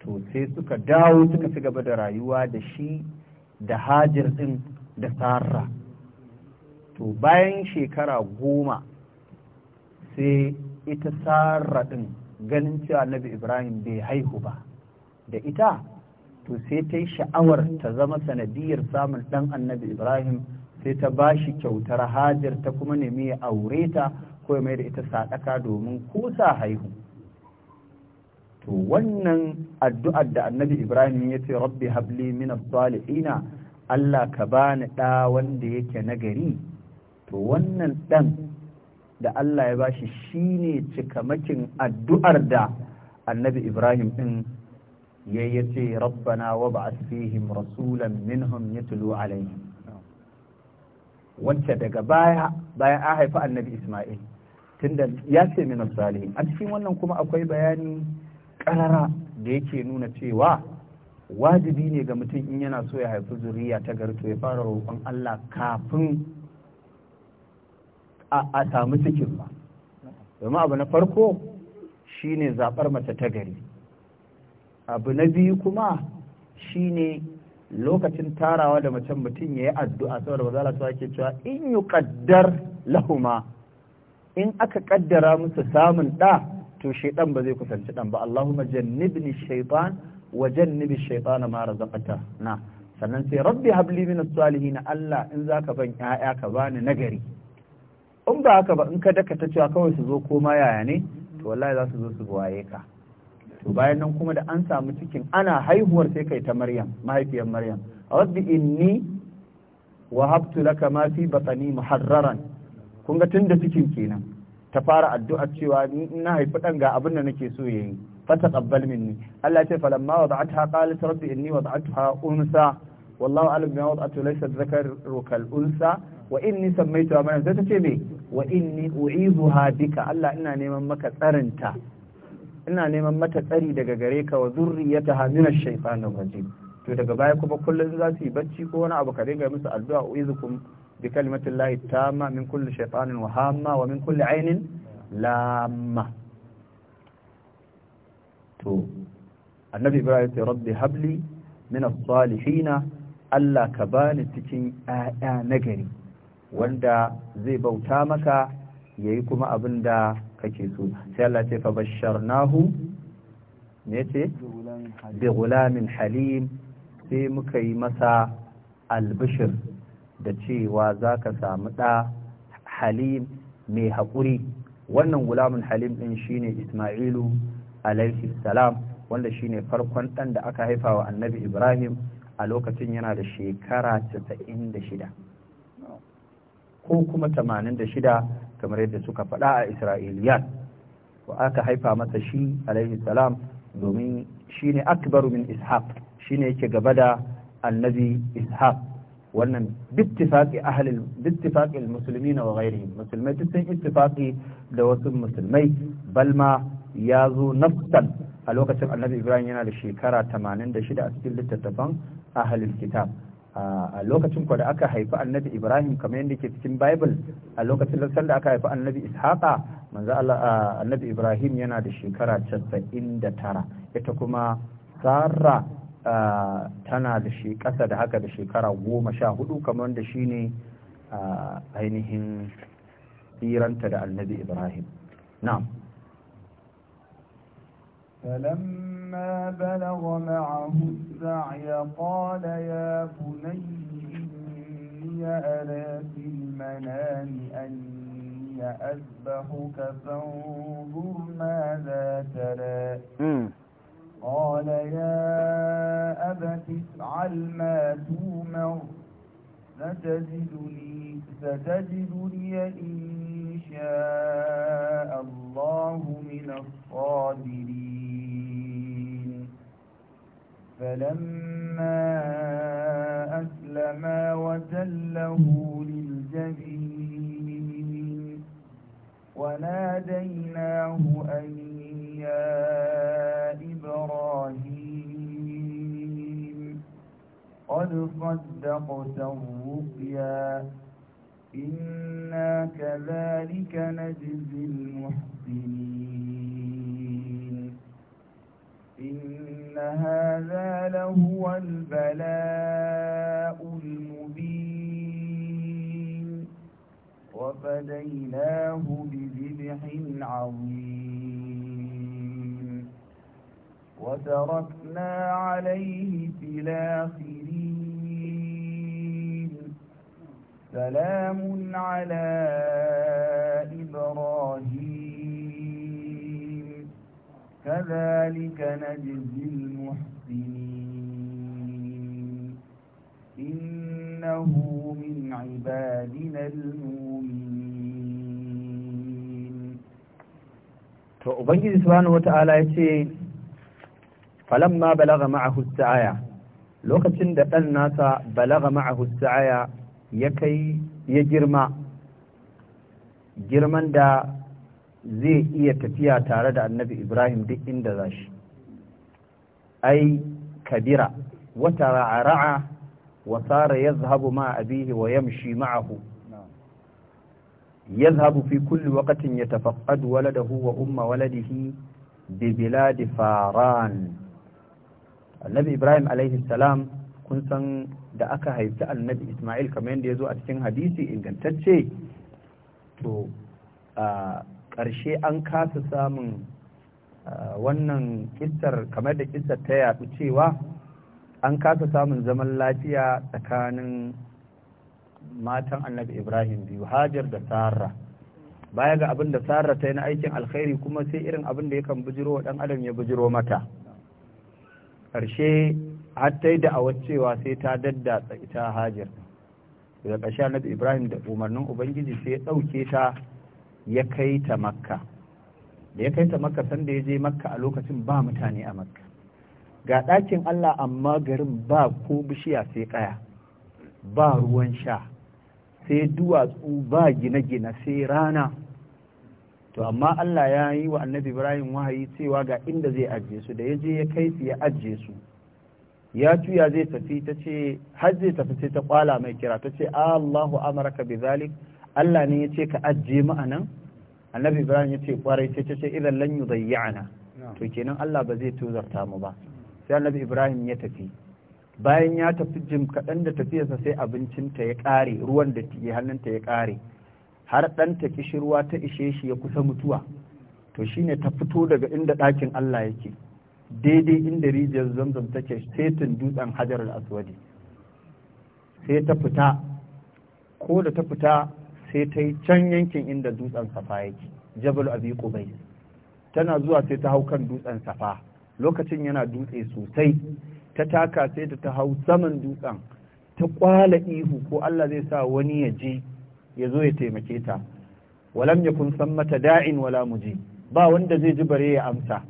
to sai suka dawo suka ci gaba da rayuwa da shi da hajir din da tsara to bayan shekara goma sai ita sara din ganin cewa nabi ibrahim bai haihu ba da ita to sai ta yi sha'awar ta zama sanadiyar samun ɗan annabi ibrahim sai ta ba shi kyautar hajar ta kuma nemi ya aure ta ko ya mai da ita sadaka domin kusa haihu to wannan addu'ar da annabi ibrahim ya ce rabbi habli min salihina allah ka bani ɗa wanda yake nagari to wannan ɗan da allah ya bashi shine cikamakin addu'ar da annabi ibrahim ɗin yayi yace rabbana a fihim rasulan minhum yatlu alaihim wacce daga baya bayan an haifi annabi Ismail tunda ya ce min salihin a cikin wannan kuma akwai bayani karara da yake nuna cewa wajibi ne ga mutum in yana so ya haifi zuriya ta garto ya fara roƙon Allah kafin a samu cikin ba domin abu na farko shine zaɓar mace ta gari abu na biyu kuma shi ne lokacin tarawa da macen mutum ya yi addu'a saboda ba za a ke cewa in yi kaddar lahuma in aka kaddara musu samun ɗa to shaidan ba zai kusanci ɗan ba Allahumma jannibni shaitan wa jannibi shaitana ma razaqata na sannan sai rabbi habli min na Allah in zaka ban yaya ka bani nagari in ba haka ba in ka daka ta cewa kawai su zo koma yaya ne to wallahi za su zo su waye ka to bayan nan kuma da an samu cikin ana haihuwar sai kai ta maryam mahaifiyar maryam rabbi inni wahabtu laka ma fi batani muharraran kun ga tunda cikin kenan ta fara addu'a cewa na haifi dan ga abin da nake so yayi fataqabbal minni Allah ce falamma wada'atha qalat rabbi inni wada'atha unsa wallahu a'lam bima wada'atu laysa dhakaru kal unsa wa inni sammaytuha maryam sai ta ce me wa inni u'izuha bika Allah ina neman maka tsarinta ina neman mata tsari daga gare ka wa zurriyataha min ash-shaytanir rajim to daga baya kuma kullun za su yi bacci ko wani abu kare ga musu addu'a uizukum bi ta tamma min kulli shaytanin wa hamma wa min kulli ainin lamma to annabi ibrahim ya rabbi habli min as Allah ka bani cikin ƴaƴa nagari wanda zai bauta maka yayi kuma abin da kake so sai Allah ce fa basharnahu ne ce bi gulamin halim sai muka yi masa albishir da cewa za ka samu ɗa halim mai haƙuri wannan gulamin halim ɗin shine ismailu alaihi salam wanda shine farkon ɗan da aka haifa wa annabi ibrahim a lokacin yana da shekara 96 ko kuma 86 kamar yadda suka faɗa a isra'iliyat wa aka haifa masa shi alaihi salam domin shi ne akbaru min ishaq shi ne yake gaba da annabi ishaq wannan bittifaƙi ahalil bittifaƙi musulmi na wagairi musulmai duk sun ittifaƙi da wasu musulmai balma ya zo nafsan a lokacin annabi ibrahim yana da shekara 86 a cikin littattafan ahlil kitab a lokacin da aka haifi annabi ibrahim kamar yadda ke cikin bible a lokacin lantar da aka haifi annabi ishaqa manzo annabi ibrahim yana da shekara 99 ita kuma sarra tana da shi kasa da haka da shekara goma sha 14 kamar wanda ne ainihin tsiranta da annabi ibrahim na'am فلما بلغ معه السعي قال يا بني إني أرى في المنام أني أذبحك فانظر ماذا ترى قال يا أبت افعل ما تومر ستجدني, ستجدني إن شاء الله من الصابرين فلما أسلما وتله للجبين وناديناه أن يا إبراهيم قد صدقت الرؤيا إنا كذلك نجزي المحسنين إن هذا لهو البلاء المبين وفديناه بذبح عظيم وتركنا عليه في الآخرين سلام على إبراهيم كذلك نجزي المحسنين إنه من عبادنا المؤمنين to ubangiji subhanahu wata'ala ya ce falamma balagha ma'ahu sa'aya lokacin da dan nasa balagha ma'ahu sa'aya ya ya girma girman da zai iya tafiya tare da annabi ibrahim duk inda za shi ai kabira wata ra'ara'a wa sara yazhabu ma abihi wa yamshi ma'ahu yazhabu fi kulli waqtin yatafaqqadu waladahu wa umma waladihi bi biladi faran annabi ibrahim alaihi salam kun san da aka haifi annabi isma'il kamar yadda ya zo a cikin hadisi ingantacce to Karshe an kasa samun wannan kistar kamar da kistar ta yaɗu cewa an kasa samun zaman lafiya tsakanin matan annabi ibrahim biyu hajar da sarra baya ga abin da sarra ta yi na aikin alkhairi kuma sai irin abin da yakan bujiro wa ɗan adam ya bujiro mata ƙarshe hatta ta yi da'awar cewa sai ta daddatsa ita hajar daga ƙarshe annabi ibrahim da umarnin ubangiji sai ya ɗauke ta ya kai ta makka da ya kai ta makka sanda ya je makka a lokacin ba mutane a makka ga ɗakin Allah amma garin ba ko bishiya sai kaya ba ruwan sha sai duwatsu ba gine-gine sai rana to amma Allah ya yi wa annabi Ibrahim wahayi cewa ga inda zai ajiye su da ya je ya kai su ya ajiye su ya tuya zai tafi ta ce har zai tafi sai ta kwala mai kira ta ce Allahu ka bi zalik Allah ne ya ce ka ajiye mu anan annabi ibrahim ya ce kwarai ce ce idan lan yudayyana to kenan Allah ba zai tozarta mu ba sai annabi ibrahim ya tafi bayan ya tafi jim kaɗan da tafiyarsa sai abincin ta ya ƙare ruwan da ya hannunta ya ƙare har ɗanta kishirwa ta ishe shi ya kusa mutuwa to shine ta fito daga inda ɗakin Allah yake daidai inda rijiyar zamzam take setin dutsen hajar al-aswadi sai ta fita ko da ta fita sai ta yi can yankin inda dutsen safa yake jabal abi kubai tana zuwa sai ta hau kan dutsen safa lokacin yana dutse sosai ta taka sai ta ta hau saman dutsen ta kwala ihu ko Allah zai sa wani ya je ya zo ya taimake ta walam yakun mata da'in wala muji ba wanda zai ji bare ya amsa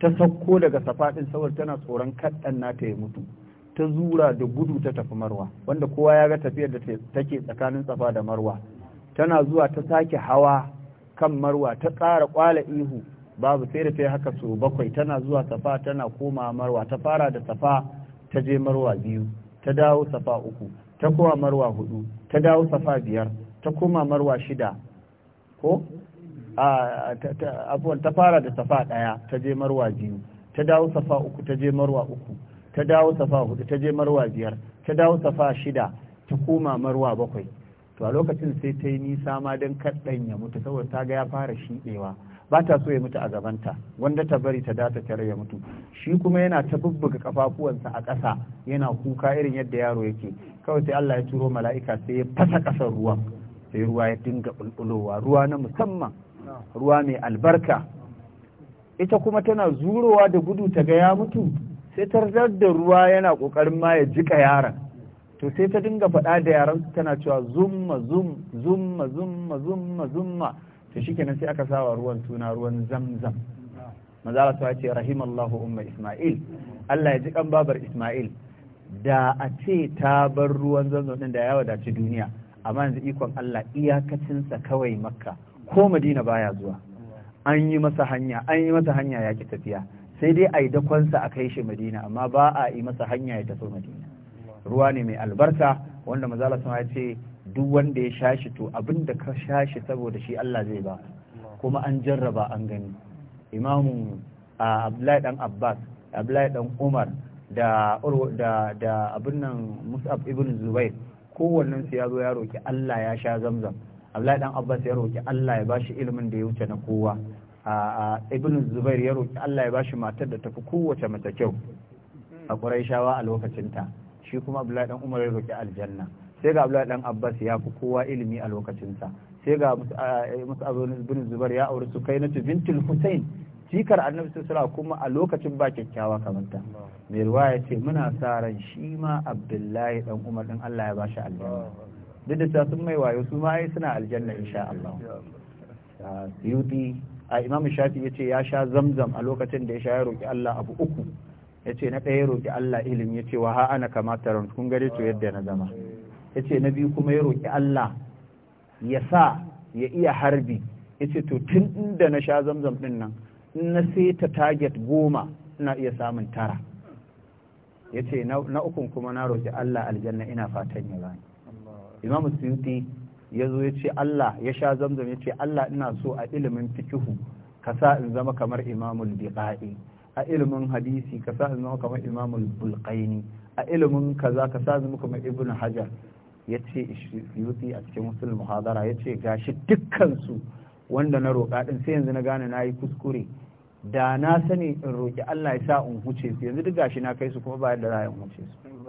ta sauko daga safa din saboda tana tsoron kaddan nata ya mutu ta zura da gudu ta tafi marwa wanda kowa ya ga tafiyar da take tsakanin tsafa da marwa tana zuwa ta sake hawa kan marwa ta tsara kwala ihu babu sai da ta yi haka so bakwai tana zuwa safa tana koma marwa ta fara da safa ta je marwa biyu ta dawo safa uku ta koma marwa hudu ta dawo safa biyar ta koma marwa shida ko a ta fara da safa daya ta je marwa biyu ta dawo safa uku ta je marwa uku ta dawo safa hudu ta je marwa biyar ta dawo safa shida ta koma marwa bakwai to a lokacin sai ta yi nisa ma don kaɗan ya mutu saboda ta ga ya fara shiɗewa ba ta so ya mutu a gabanta wanda ta bari ta data tare ya mutu shi kuma yana ta bubbuga kafafuwansa a ƙasa yana kuka irin yadda yaro yake kawai sai Allah ya turo mala'ika sai ya fasa ƙasar ruwan sai ruwa ya dinga bulbulowa ruwa na musamman ruwa mai albarka ita kuma tana zurowa da gudu ta ga ya mutu sai ta da ruwa yana ƙoƙarin ma ya jika yaron to sai ta dinga faɗa da yaran tana cewa zumma zumma zumma zumma zumma to sai aka sawa ruwan suna ruwan zamzam maza ta ce rahimallahu umma isma'il Allah ya ji kan babar isma'il da a ce ta bar ruwan zamzam din da ya wadaci duniya amma yanzu ikon Allah iyakacinsa kawai makka ko madina baya zuwa an yi masa hanya an yi masa hanya ya ki tafiya sai dai a yi dakonsa a kai shi madina amma ba a yi masa hanya ya tafi madina ruwa ne mai albarka wanda mazala sun ya ce duk wanda ya sha shi to abin da ka sha shi saboda shi Allah zai ba kuma an jarraba an gani imamu abdullahi dan abbas abdullahi dan umar da da da abin nan mus'ab ibn zubair kowannen su ya zo ya roki Allah ya sha zamzam abdullahi dan abbas ya roki Allah ya bashi ilimin da ya wuce na kowa ibn zubair ya roki Allah ya bashi matar da tafi kowace mace kyau a quraishawa a lokacin ta shi kuma abdullahi dan umar ya roki aljanna sai ga abdullahi dan abbas ya fi kowa ilimi a lokacin ta sai ga mus'ab ibn zubair ya auri sukainatu bintul husain jikar annabi sallallahu kuma a lokacin ba kyakkyawa ta mai ruwa ya ce muna sa ran shi ma abdullahi dan umar din Allah ya bashi aljanna duk da sun mai wayo su ma ai suna aljanna insha Allah suyuti a imam shafi ya ce ya sha zamzam a lokacin da ya sha ya roƙi Allah abu uku ya ce na ɗaya ya roƙi Allah ilimi ya ce wa ha ana kamata ran kun gare to yadda na zama ya ce na biyu kuma ya roƙi Allah ya sa ya iya harbi ya ce to tun inda na sha zamzam ɗin nan in na seta target goma ina iya samun tara ya ce na ukun kuma na roƙi Allah aljanna ina fatan ya bani imam suyuti ya zo ya ce Allah ya sha zamzam ya ce Allah ina so a ilimin fikihu ka sa in zama kamar imamul biƙa'i a ilimin hadisi ka sa in zama kamar imamul bulqaini a ilimin kaza ka sa zama kamar Ibn hajar ya ce yuti a cikin musul muhadara ya ce gashi dukkansu wanda na roƙa din sai yanzu na gane na yi kuskure da na sani in roƙi Allah ya sa in huce su yanzu duk gashi na kai su kuma ba da za in huce su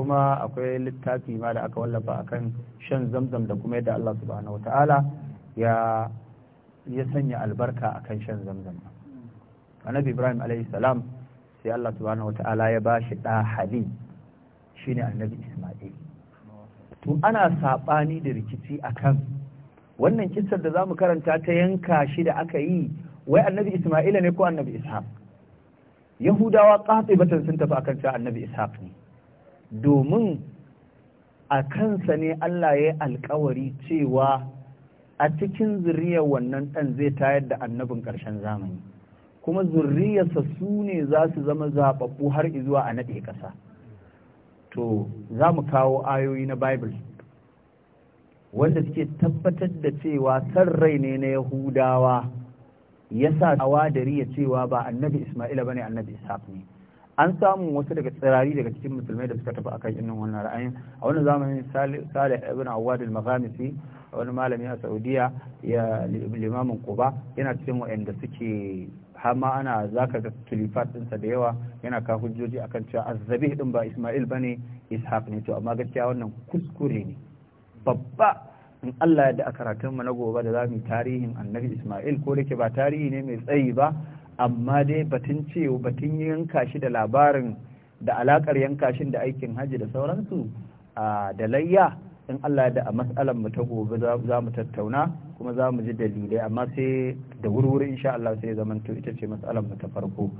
kuma akwai littafi ma da aka wallafa akan shan zamzam da kuma yadda Allah subhanahu wata'ala ya ya sanya albarka akan shan zamzam annabi Ibrahim alayhi salam sai Allah subhanahu wata'ala ya ba bashi da hali shine annabi Isma'il to ana sabani da rikici akan wannan kissar da zamu karanta ta yanka shi da aka yi wai annabi Isma'ila ne ko annabi Ishaq Yahudawa qatibatan sun tafi akan cewa annabi Ishaq ne domin a kansa ne Allah ya yi alkawari cewa a cikin zuriyar wannan ɗan zai tayar da annabin ƙarshen zamani kuma zurriyarsa su ne za su zama zaɓaɓɓu har izuwa a naɗe ƙasa to za mu kawo ayoyi na bible wanda suke tabbatar da cewa san rai ne na yahudawa ya sa awa da riya cewa ba annabi isma'ila ba ne annabi isa ne an samu wasu daga tsirari daga cikin musulmai da suka tafi akan irin wannan ra'ayin a wani zamanin Salih ibn Awad al-Maghamisi wani malami a Saudiya ya limamin Quba yana cikin wa'anda suke har ana zaka ga kilifat ɗinsa da yawa yana ka hujjoji akan cewa azzabi din ba Ismail bane Ishaq ne to amma gaskiya wannan kuskure ne babba in Allah ya da karatun mu na gobe da za mu tarihin annabi Ismail ko da ba tarihi ne mai tsayi ba amma dai batun cewa batun yanka shi da labarin da alakar yanka shi da aikin hajji da sauransu da layya in Allah da a matsalar mu ta gobe za mu tattauna kuma za mu ji dalilai amma sai da wurwuri insha Allah sai zaman to ita ce matsalar mu ta farko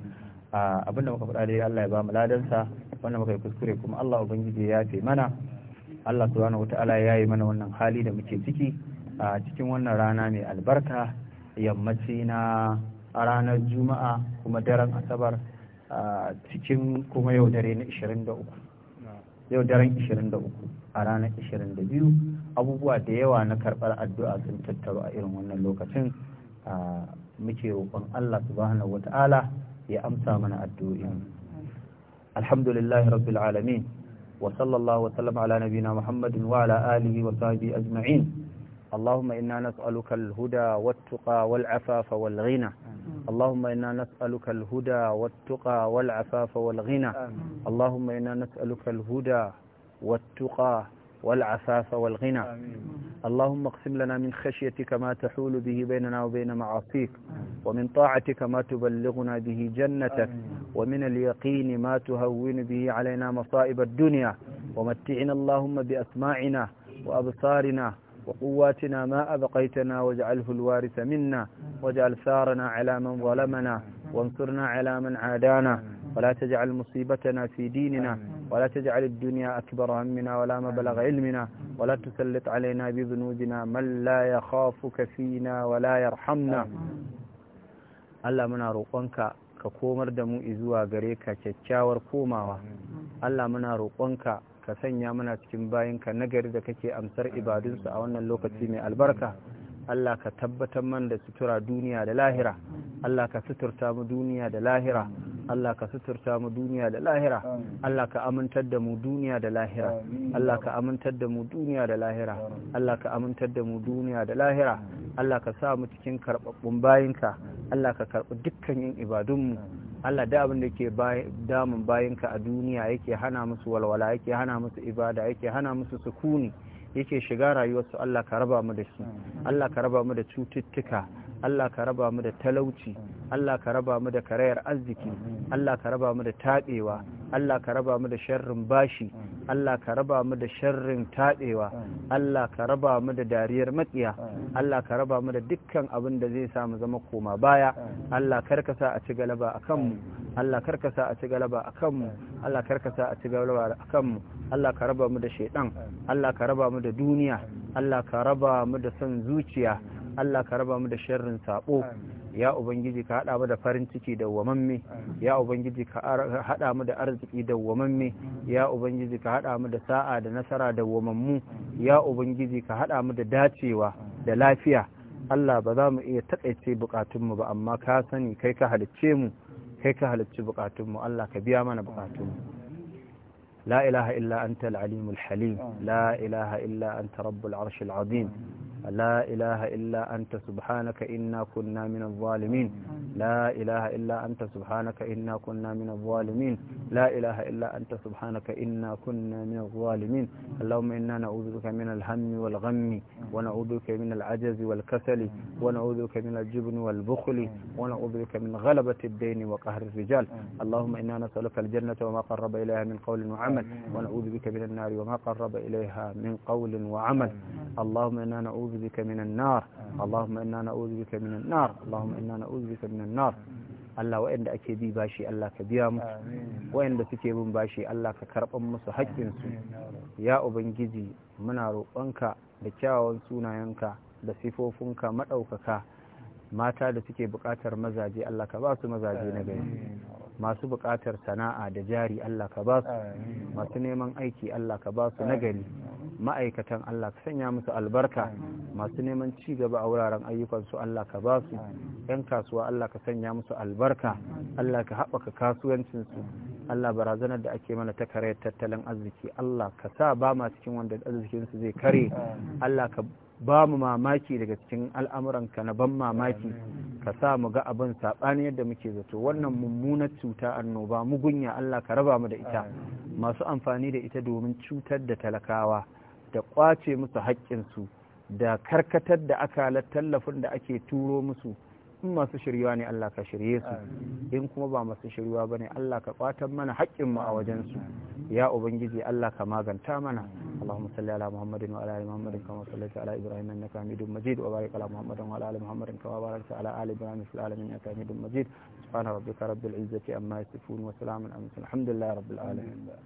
abin da muka faɗa dai Allah ya ba mu ladansa wanda muka yi kuskure kuma Allah ubangiji ya yafe mana Allah subhanahu wataala ya yi mana wannan hali da muke ciki a cikin wannan rana mai albarka yammaci na a ranar juma'a kuma daren asabar a cikin kuma yau dare na 23 yau daren 23 a ranar 22 abubuwa da yawa na karbar addu'a sun tattaro a irin wannan lokacin muke roƙon Allah subhanahu wata'ala ya amsa mana addu'o'in alhamdulillahi rabbil alamin wa sallallahu wasallam ala nabina muhammadin wa ala alihi wa sahbihi ajma'in اللهم إنا نسألك الهدى والتقى والعفاف والغنى اللهم إنا نسألك الهدى والتقى والعفاف والغنى اللهم إنا نسألك الهدى والتقى والعفاف والغنى اللهم اقسم لنا من خشيتك ما تحول به بيننا وبين معاصيك ومن طاعتك ما تبلغنا به جنتك ومن اليقين ما تهون به علينا مصائب الدنيا ومتعنا اللهم بأسماعنا وأبصارنا وقواتنا ما أبقيتنا واجعله الوارث منا واجعل ثارنا على من ظلمنا وانصرنا على من عادانا ولا تجعل مصيبتنا في ديننا ولا تجعل الدنيا أكبر همنا ولا مبلغ علمنا ولا تسلط علينا بذنوبنا من لا يخافك فينا ولا يرحمنا Allah muna roƙonka ka komar da mu izuwa gare ka kyakkyawar komawa Allah muna roƙonka ka sanya mana cikin bayan ka nagari da kake amsar ibadunsu a wannan lokaci mai albarka Allah ka tabbatar man da sutura duniya da lahira Allah ka suturta mu duniya da lahira Allah ka suturta mu duniya da lahira Allah ka amintar da mu duniya da lahira Allah ka amintar da mu duniya da lahira Allah ka amintar da mu duniya da lahira Allah ka sa mu cikin karɓaɓɓun bayinka Allah ka karɓi dukkan yin ibadunmu Allah da abin da ke damun bayinka a duniya yake hana musu walwala yake hana musu ibada yake hana musu sukuni yake shiga rayuwarsu Allah ka raba mu da su Allah ka raba mu da cututtuka Allah ka raba mu da talauci Allah ka raba mu da karayar arziki Allah ka raba mu da taɓewa Allah ka raba mu da sharrin bashi Allah ka raba mu da sharrin taɗewa Allah ka raba mu da dariyar matsiya Allah ka raba mu da dukkan abin da zai samu zama koma baya Allah karkasa a ci galaba a kanmu Allah karkasa a ci galaba a kanmu Allah karkasa a ci galaba a kanmu Allah ka raba mu da shaidan Allah ka raba mu da duniya Allah ka raba mu da son zuciya Allah ka raba mu da sharrin sabo ya ubangiji ka hada mu da farin ciki da wamamme ya ubangiji ka hada mu da arziki da wamamme ya ubangiji ka hada mu da sa'a da nasara da wamammu ya ubangiji ka hada mu da dacewa da lafiya Allah ba za mu iya bukatun bukatunmu ba amma ka sani kai ka halicce mu kai ka halicci bukatunmu Allah ka biya mana bukatun mu لا إله إلا أنت العليم الحليم لا إله إلا أنت رب العرش العظيم لا إله إلا أنت سبحانك إنا كنا من الظالمين لا إله إلا أنت سبحانك إنا كنا من الظالمين لا إله إلا أنت سبحانك إنا كنا من الظالمين اللهم إنا نعوذ بك من الهم والغم ونعوذ بك من العجز والكسل ونعوذ بك من الجبن والبخل ونعوذ بك من غلبة الدين وقهر الرجال اللهم إنا نسألك الجنة وما قرب إليها من قول وعمل وعمل ونعوذ بك من النار وما قرب إليها من قول وعمل اللهم إنا نعوذ بك من النار اللهم إنا نعوذ بك من النار اللهم إنا نعوذ بك من النار Allah waɗanda ake bi bashi Allah ka biya musu waɗanda suke bin bashi Allah ka karɓan musu haƙƙinsu ya ubangiji muna roƙonka da kyawawan sunayenka da sifofinka maɗaukaka mata da suke buƙatar mazaje Allah ka ba su mazaje na gari masu buƙatar sana'a da jari Allah ka ba su masu neman aiki Allah ka ba su nagari ma'aikatan Allah ka sanya musu albarka masu neman ci gaba a wuraren ayyukansu Allah ka ba su 'yan kasuwa Allah ka sanya musu albarka Allah ka haɓaka kasuwancinsu Allah barazanar da ake mana ta tattalin arziki Allah ka sa ba ma cikin wanda arzikinsu zai kare Allah ka ba mu mamaki daga cikin al'amuranka na ban mamaki ka sa mu ga abin saɓani yadda muke zato wannan mummunar cuta annoba mugunya Allah ka raba mu da ita masu amfani da ita domin cutar da talakawa da kwace musu haƙƙinsu da karkatar da akalar tallafin da ake turo musu in masu shirya ne Allah ka shirye su in kuma ba masu shirya ba ne Allah ka kwatan mana haƙƙinmu a wajensu ya ubangiji Allah ka maganta mana اللهم صل على محمد وعلى ال محمد كما صليت على ابراهيم انك حميد مجيد وبارك على محمد وعلى ال محمد كما باركت على ال ابراهيم في العالمين انك حميد مجيد سبحان ربك رب العزه عما يصفون وسلام على الحمد لله رب العالمين